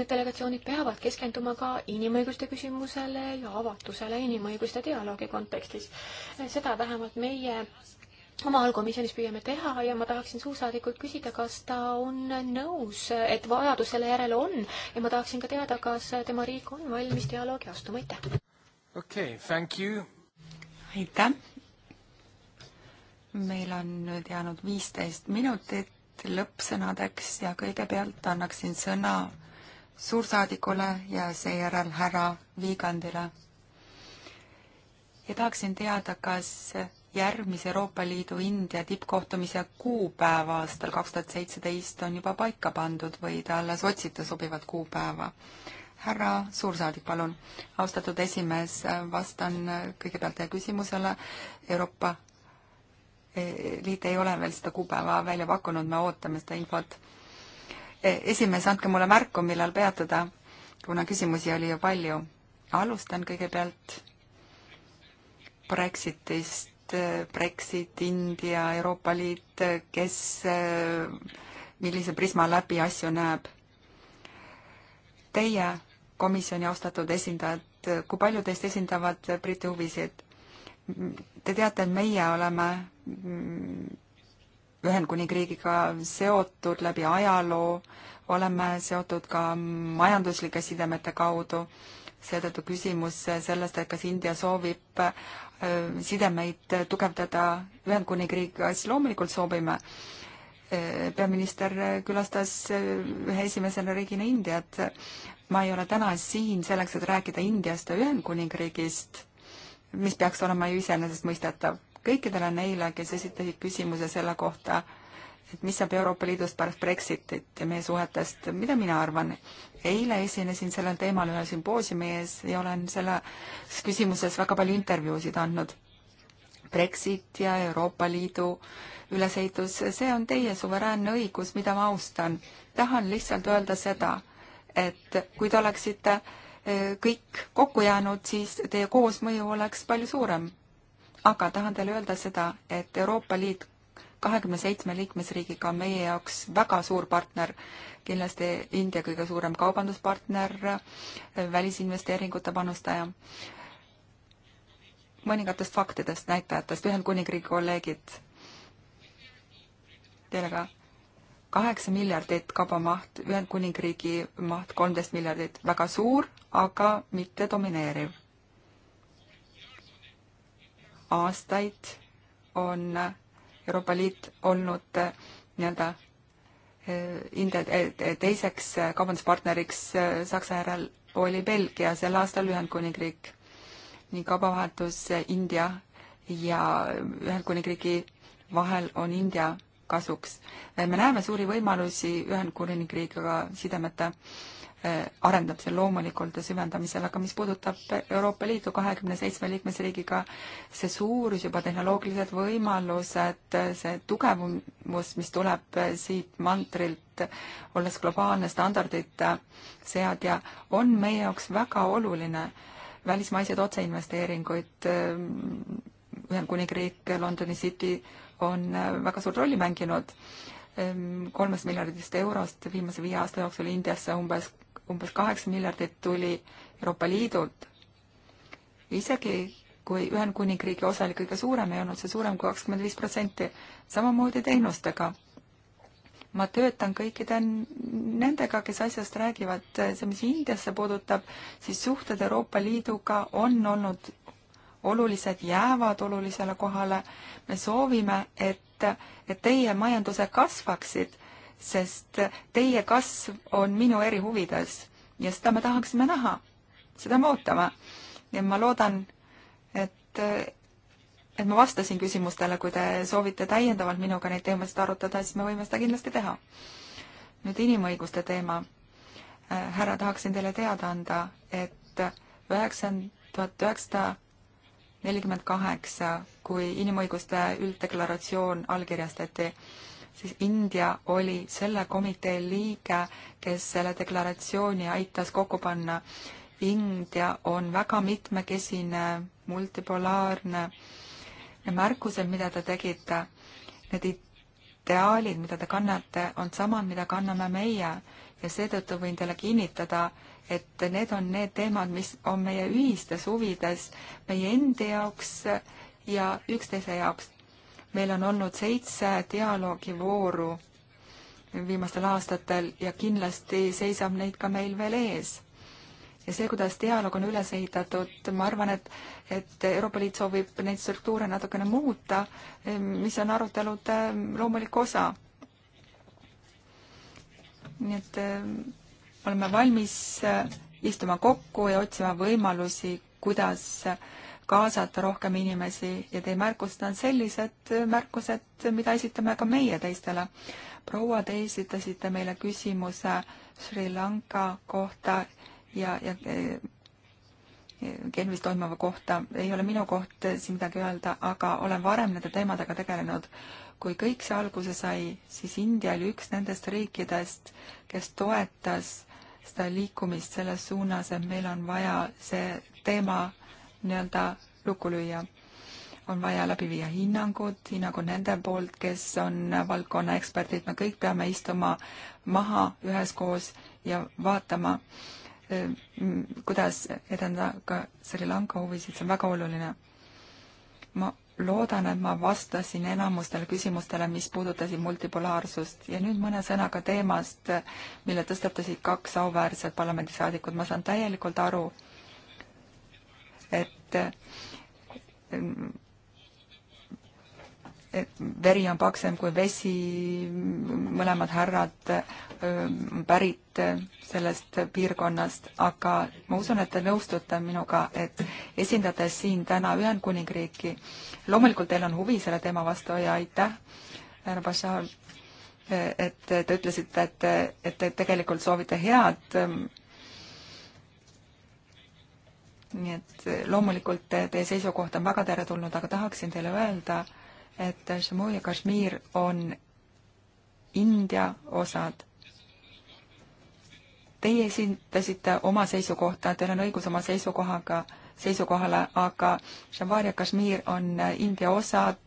need delegatsioonid peavad keskenduma ka inimõiguste küsimusele ja avatusele inimõiguste dialoogi kontekstis. seda vähemalt meie omal komisjonis püüame teha ja ma tahaksin suursaadikult küsida, kas ta on nõus, et vajadus selle järele on ja ma tahaksin ka teada, kas tema riik on valmis dialoogi astuma, aitäh. okei okay,, thank you. aitäh. meil on nüüd jäänud viisteist minutit lõppsõnadeks ja kõigepealt annaksin sõna suursaadikule ja seejärel härra Viigandile. ja tahaksin teada, kas järgmise Euroopa Liidu India tippkohtumise kuupäev aastal kaks tuhat seitseteist on juba paika pandud või te alles otsite sobivat kuupäeva? härra suursaadik, palun. austatud esimees, vastan kõigepealt teie küsimusele. Euroopa e, Liit ei ole veel seda kuupäeva välja pakkunud, me ootame seda infot. E, esimees, andke mulle märku, millal peatuda, kuna küsimusi oli ju palju. alustan kõigepealt Brexitist Äh, Brexit, India, Euroopa Liit, äh, kes äh, millise prisma läbi asju näeb. Teie, komisjoni austatud esindajad, kui palju teist esindavad Briti huvisid? Te teate, et meie oleme mm, Ühendkuningriigiga seotud läbi ajaloo, oleme seotud ka majanduslike sidemete kaudu seetõttu küsimus sellest, et kas India soovib äh, sidemeid tugevdada Ühendkuningriigiga, siis loomulikult soovime. Äh, peaminister külastas äh, ühe esimesena riigina Indiat. ma ei ole täna siin selleks, et rääkida Indiast ja Ühendkuningriigist, mis peaks olema ju iseenesestmõistetav. kõikidele neile, kes esitasid küsimuse selle kohta, et mis saab Euroopa Liidust pärast Brexitit ja meie suhetest, mida mina arvan. eile esinesin sellel teemal ühe sümpoosiumi ees ja olen selles küsimuses väga palju intervjuusid andnud. Brexit ja Euroopa Liidu ülesehitus, see on teie suveräänne õigus, mida ma austan. tahan lihtsalt öelda seda, et kui te oleksite eh, kõik kokku jäänud, siis teie koosmõju oleks palju suurem. aga tahan teile öelda seda, et Euroopa Liit kahekümne seitsme liikmesriigiga on meie jaoks väga suur partner, kindlasti India kõige suurem kaubanduspartner, välisinvesteeringute panustaja. mõningatest faktidest, näitajatest, Ühendkuningriigi kolleegid, teile ka kaheksa miljardit kaubamaht, Ühendkuningriigi maht kolmteist miljardit, väga suur, aga mitte domineeriv. aastaid on Euroopa Liit olnud äh, nii-öelda äh, äh, teiseks kaubanduspartneriks Saksa järel oli Belgia, sel aastal Ühendkuningriik. nii kaubavahetus India ja Ühendkuningriigi vahel on India kasuks. me näeme suuri võimalusi Ühendkuningriigiga sidemete Äh, arendamisel loomulikult ja süvendamisel, aga mis puudutab Euroopa Liitu kahekümne seitsme liikmesriigiga, see suurus juba, tehnoloogilised võimalused, see tugevus, mis tuleb äh, siit mantrilt, olles globaalne standardite äh, seadja, on meie jaoks väga oluline. välismaised otseinvesteeringuid, Ühendkuningriik, Londoni City on väga suurt rolli mänginud ehm, kolmest miljardist eurost viimase viie aasta jooksul Indiasse umbes umbes kaheksa miljardit tuli Euroopa Liidult. isegi kui Ühendkuningriigi osa oli kõige suurem, ei olnud see suurem kui kakskümmend viis protsenti, samamoodi teenustega. ma töötan kõikide nendega, kes asjast räägivad, see, mis Indiasse puudutab, siis suhted Euroopa Liiduga on olnud olulised, jäävad olulisele kohale. me soovime, et, et teie majandused kasvaksid sest teie kasv on minu eri huvides ja seda me tahaksime näha, seda me ootame. ja ma loodan, et, et ma vastasin küsimustele, kui te soovite täiendavalt minuga neid teemasid arutada, siis me võime seda kindlasti teha. nüüd inimõiguste teema. härra, tahaksin teile teada anda, et üheksakümmend, tuhat üheksasada nelikümmend kaheksa, kui inimõiguste ülddeklaratsioon allkirjastati, siis India oli selle komitee liige, kes selle deklaratsiooni aitas kokku panna. India on väga mitmekesine, multipolaarne. Need märkused, mida te tegite, need ideaalid, mida te kannate, on samad, mida kanname meie ja seetõttu võin teile kinnitada, et need on need teemad, mis on meie ühistes huvides, meie endi jaoks ja üksteise jaoks meil on olnud seitse dialoogivooru viimastel aastatel ja kindlasti seisab neid ka meil veel ees. ja see, kuidas dialoog on üles ehitatud, ma arvan, et, et Euroopa Liit soovib neid struktuure natukene muuta, mis on arutelude loomulik osa. nii et eh, oleme valmis eh, istuma kokku ja otsima võimalusi, kuidas äh, kaasata rohkem inimesi ja teie märkused on sellised märkused, mida esitame ka meie teistele. proua, te esitasite meile küsimuse Sri Lanka kohta ja, ja eh, Genfis toimuva kohta, ei ole minu koht siin midagi öelda, aga olen varem nende teemadega tegelenud. kui kõik see alguse sai, siis India oli üks nendest riikidest, kes toetas seda liikumist selles suunas, et meil on vaja see teema nii-öelda lukku lüüa. on vaja läbi viia hinnangud, hinnangud nende poolt, kes on valdkonna eksperdid, me kõik peame istuma maha üheskoos ja vaatama, eh, kuidas edendada ka Sri Lanka huvisid, see on väga oluline. ma loodan, et ma vastasin enamustele küsimustele, mis puudutasid multipolaarsust ja nüüd mõne sõnaga teemast, mille tõstatasid kaks auväärset parlamendisaadikut. ma saan täielikult aru, et veri on paksem kui vesi, mõlemad härrad pärit sellest piirkonnast, aga ma usun, et te nõustute minuga, et esindades siin täna Ühendkuningriiki, loomulikult teil on huvi selle teema vastu ja aitäh, härra Bashar, et te ütlesite, et, et te tegelikult soovite head nii et eh, loomulikult eh, teie seisukoht on väga teretulnud, aga tahaksin teile öelda, et Jammu eh, ja Kashmir on India osad. Teie esindasite oma seisukohta, teil on õigus oma seisukohaga, seisukohale, aga Jammu ja Kashmir on India osad,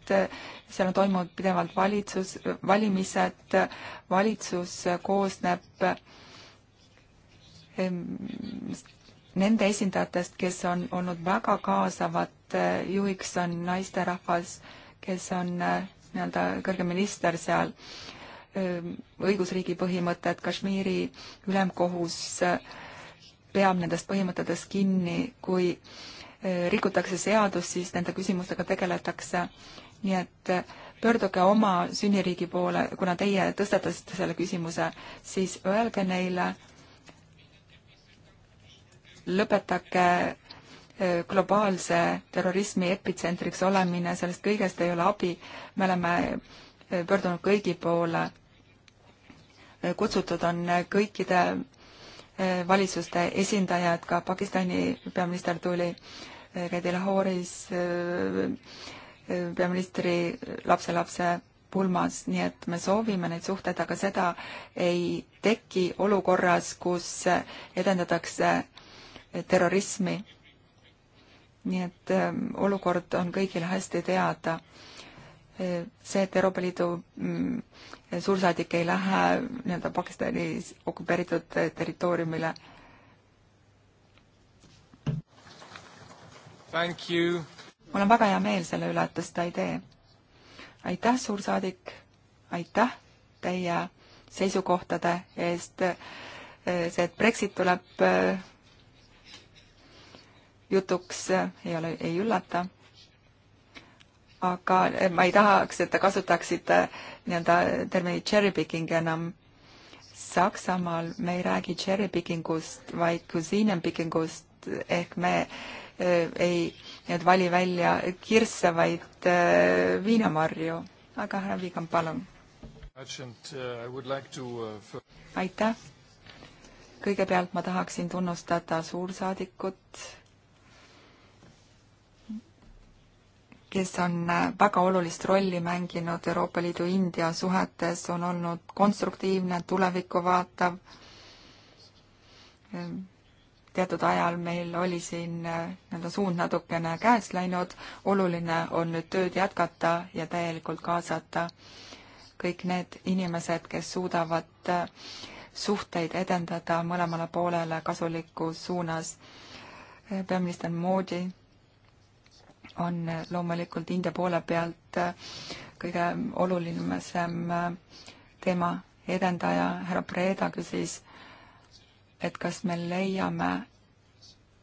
seal on toimunud pidevalt valitsus, valimised, valitsus koosneb nende esindajatest, kes on olnud väga kaasavad, eh, juhiks on naisterahvas, kes on eh, nii-öelda kõrge minister seal, ehm, õigusriigi põhimõtted, Kashmiri ülemkohus eh, peab nendest põhimõtetest kinni, kui rikutakse seadust, siis nende küsimustega tegeletakse. nii et pöörduge oma sünniriigi poole, kuna teie tõstatasite selle küsimuse, siis öelge neile, lõpetage äh, globaalse terrorismi epitsentriks olemine, sellest kõigest ei ole abi. me oleme äh, pöördunud kõigi poole. Äh, kutsutud on kõikide valitsuste esindajad, ka Pakistani peaminister tuli, käidi Lahoris peaministri lapselapse pulmas, nii et me soovime neid suhteid, aga seda ei teki olukorras, kus edendatakse terrorismi. nii et ähm, olukord on kõigile hästi teada. Äh, see, et Euroopa Liidu mm, suursaadik ei lähe nii-öelda Pakistani okupeeritud äh, territooriumile. mul on väga hea meel selle üle, et te seda ei tee. aitäh, suursaadik, aitäh teie seisukohtade eest. Äh, see, et Brexit tuleb jutuks, ei ole, ei üllata. aga ma ei tahaks, et te kasutaksite nii-öelda terminit cherry picking enam. Saksamaal me ei räägi cherry picking ust, vaid cuisine picking ust ehk me eh, ei nii-öelda vali välja kirsse, vaid eh, viinamarju. aga härra Viigand, palun. Eh, aitäh kõigepealt ma tahaksin tunnustada suursaadikut kes on äh, väga olulist rolli mänginud Euroopa Liidu India suhetes, on olnud konstruktiivne, tulevikku vaatav. Ehm, teatud ajal meil oli siin äh, nii-öelda suund natukene käest läinud, oluline on nüüd tööd jätkata ja täielikult kaasata kõik need inimesed, kes suudavad äh, suhteid edendada mõlemale poolele kasulikus suunas. Ehm, peaminister Moodi on loomulikult India poole pealt äh, kõige olulisem äh, teema edendaja härra Preda küsis, et kas me leiame,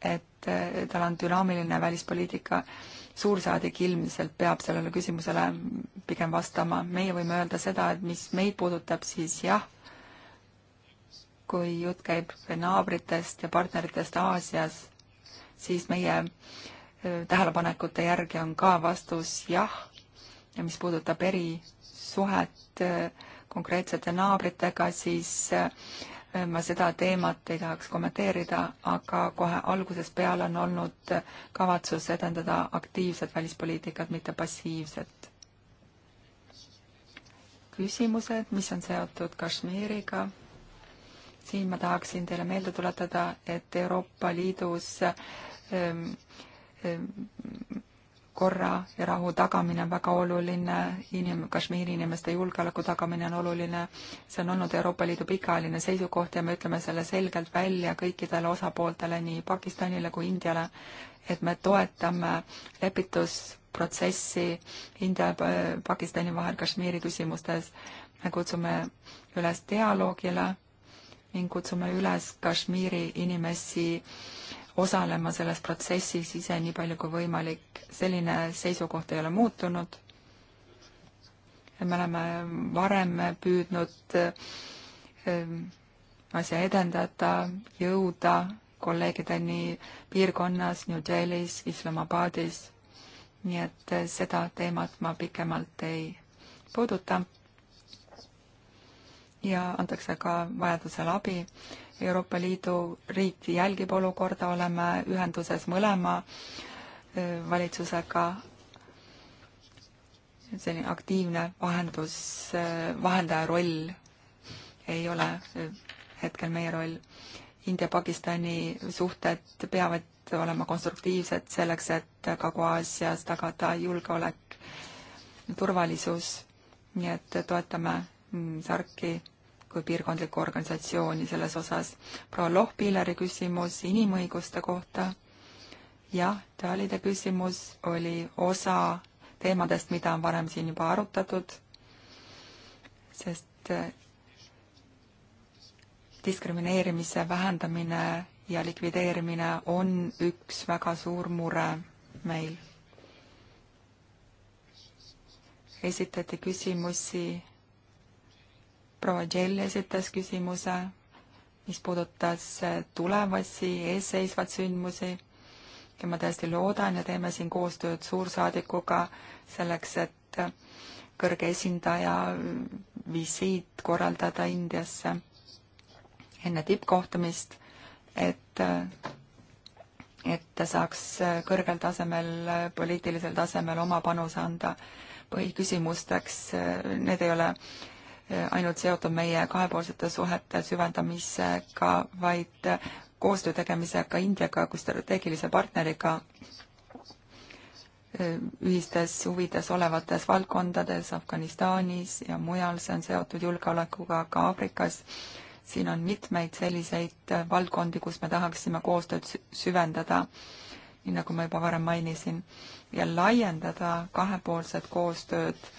et äh, tal on dünaamiline välispoliitika. suursaadik ilmselt peab sellele küsimusele pigem vastama. meie võime öelda seda, et mis meid puudutab, siis jah, kui jutt käib naabritest ja partneritest Aasias, siis meie äh, tähelepanekute järgi on ka vastus jah. ja mis puudutab erisuhet äh, konkreetsete naabritega, siis äh, ma seda teemat ei tahaks kommenteerida, aga kohe algusest peale on olnud kavatsus edendada aktiivset välispoliitikat, mitte passiivset. küsimused, mis on seotud Kashmiriga siin ma tahaksin teile meelde tuletada, et Euroopa Liidus ähm, korra ja rahu tagamine on väga oluline, inim-, Kashmiri inimeste julgeoleku tagamine on oluline, see on olnud Euroopa Liidu pikaajaline seisukoht ja me ütleme selle selgelt välja kõikidele osapooltele, nii Pakistanile kui Indiale, et me toetame lepitusprotsessi India ja Pakistani vahel Kashmiri küsimustes. me kutsume üles dialoogile ning kutsume üles Kashmiri inimesi äh, osalema selles protsessis ise nii palju kui võimalik. selline seisukoht ei ole muutunud. me oleme varem püüdnud ähm, asja edendada, jõuda kolleegideni piirkonnas, New Delhis, Islamabadis. nii et äh, seda teemat ma pikemalt ei puuduta. ja antakse ka vajadusel abi Euroopa Liidu riik jälgib olukorda, oleme ühenduses mõlema valitsusega. selline aktiivne vahendus, vahendaja roll ei ole hetkel meie roll. India-Pakistani suhted peavad olema konstruktiivsed selleks, et Kagu-Aasias tagada julgeolek, turvalisus, nii et toetame mm, SARK-i kui piirkondlikku organisatsiooni selles osas. proua Lohpilleri küsimus inimõiguste kohta. jah, Dalide küsimus oli osa teemadest, mida on varem siin juba arutatud, sest äh, diskrimineerimise vähendamine ja likvideerimine on üks väga suur mure meil. esitati küsimusi proua Jell esitas küsimuse, mis puudutas äh, tulevasi eesseisvad sündmusi ja ma tõesti loodan ja teeme siin koostööd suursaadikuga selleks, et äh, kõrge esindaja äh, visiit korraldada Indiasse enne tippkohtumist, et, et ta saaks kõrgel tasemel, poliitilisel tasemel oma panuse anda põhiküsimusteks, need ei ole äh, ainult seotud meie kahepoolsete suhete süvendamisega, vaid koostöö tegemisega Indiaga kui strateegilise partneriga ühistes huvides olevates valdkondades Afganistanis ja mujal, see on seotud julgeolekuga ka Aafrikas. siin on mitmeid selliseid valdkondi, kus me tahaksime koostööd süvendada, nii nagu ma juba varem mainisin, ja laiendada kahepoolset koostööd äh,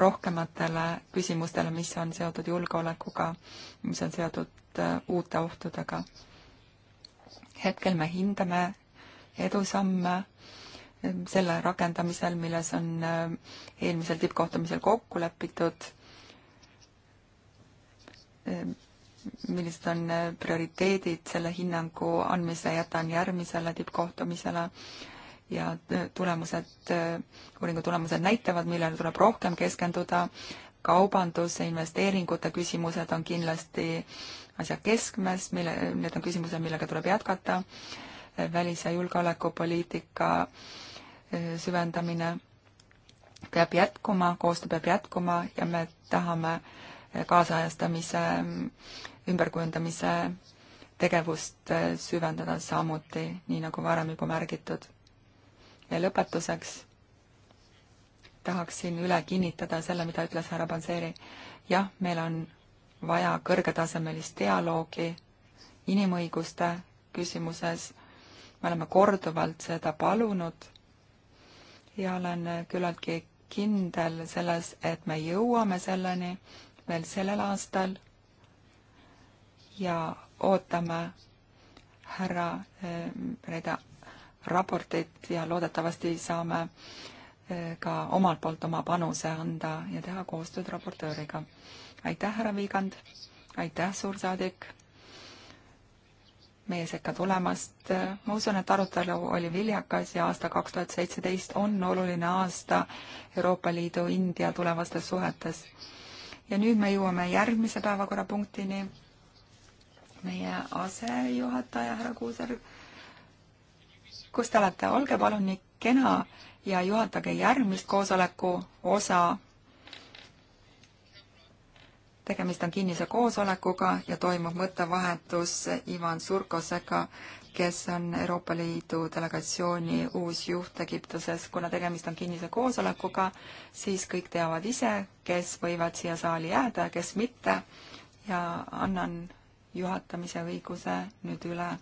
rohkematele küsimustele, mis on seotud julgeolekuga, mis on seotud äh, uute ohtudega. hetkel me hindame edusamme äh, selle rakendamisel, milles on äh, eelmisel tippkohtumisel kokku lepitud, millised on prioriteedid selle hinnangu andmise, jätan järgmisele tippkohtumisele ja äh, tulemused, äh, uuringu tulemused näitavad, millele tuleb rohkem keskenduda. kaubandus ja investeeringute küsimused on kindlasti asja keskmes, mille, need on küsimused, millega tuleb jätkata. Äh, välis- ja julgeolekupoliitika süvendamine peab jätkuma, koostöö peab jätkuma ja me tahame kaasajastamise, mm, ümberkujundamise tegevust süvendada samuti, nii nagu varem juba märgitud ja lõpetuseks tahaksin üle kinnitada selle, mida ütles härra Panseri. jah, meil on vaja kõrgetasemelist dialoogi inimõiguste küsimuses. me oleme korduvalt seda palunud ja olen küllaltki kindel selles, et me jõuame selleni veel sellel aastal ja ootame härra eh, Reda raportit ja loodetavasti saame eh, ka omalt poolt oma panuse anda ja teha koostööd raportööriga. aitäh, härra Viigand, aitäh, suursaadik, meie sekka tulemast. ma usun, et arutelu oli viljakas ja aasta kaks tuhat seitseteist on oluline aasta Euroopa Liidu India tulevastes suhetes. ja nüüd me jõuame järgmise päevakorrapunktini. meie asejuhataja härra Kuuser kus te olete, olge palun nii kena ja juhatage järgmist koosoleku osa. tegemist on kinnise koosolekuga ja toimub mõttevahetus Ivan Surkosega, kes on Euroopa Liidu delegatsiooni uus juht Egiptuses. kuna tegemist on kinnise koosolekuga, siis kõik teavad ise, kes võivad siia saali jääda ja kes mitte ja annan juhatamise õiguse nüüd üle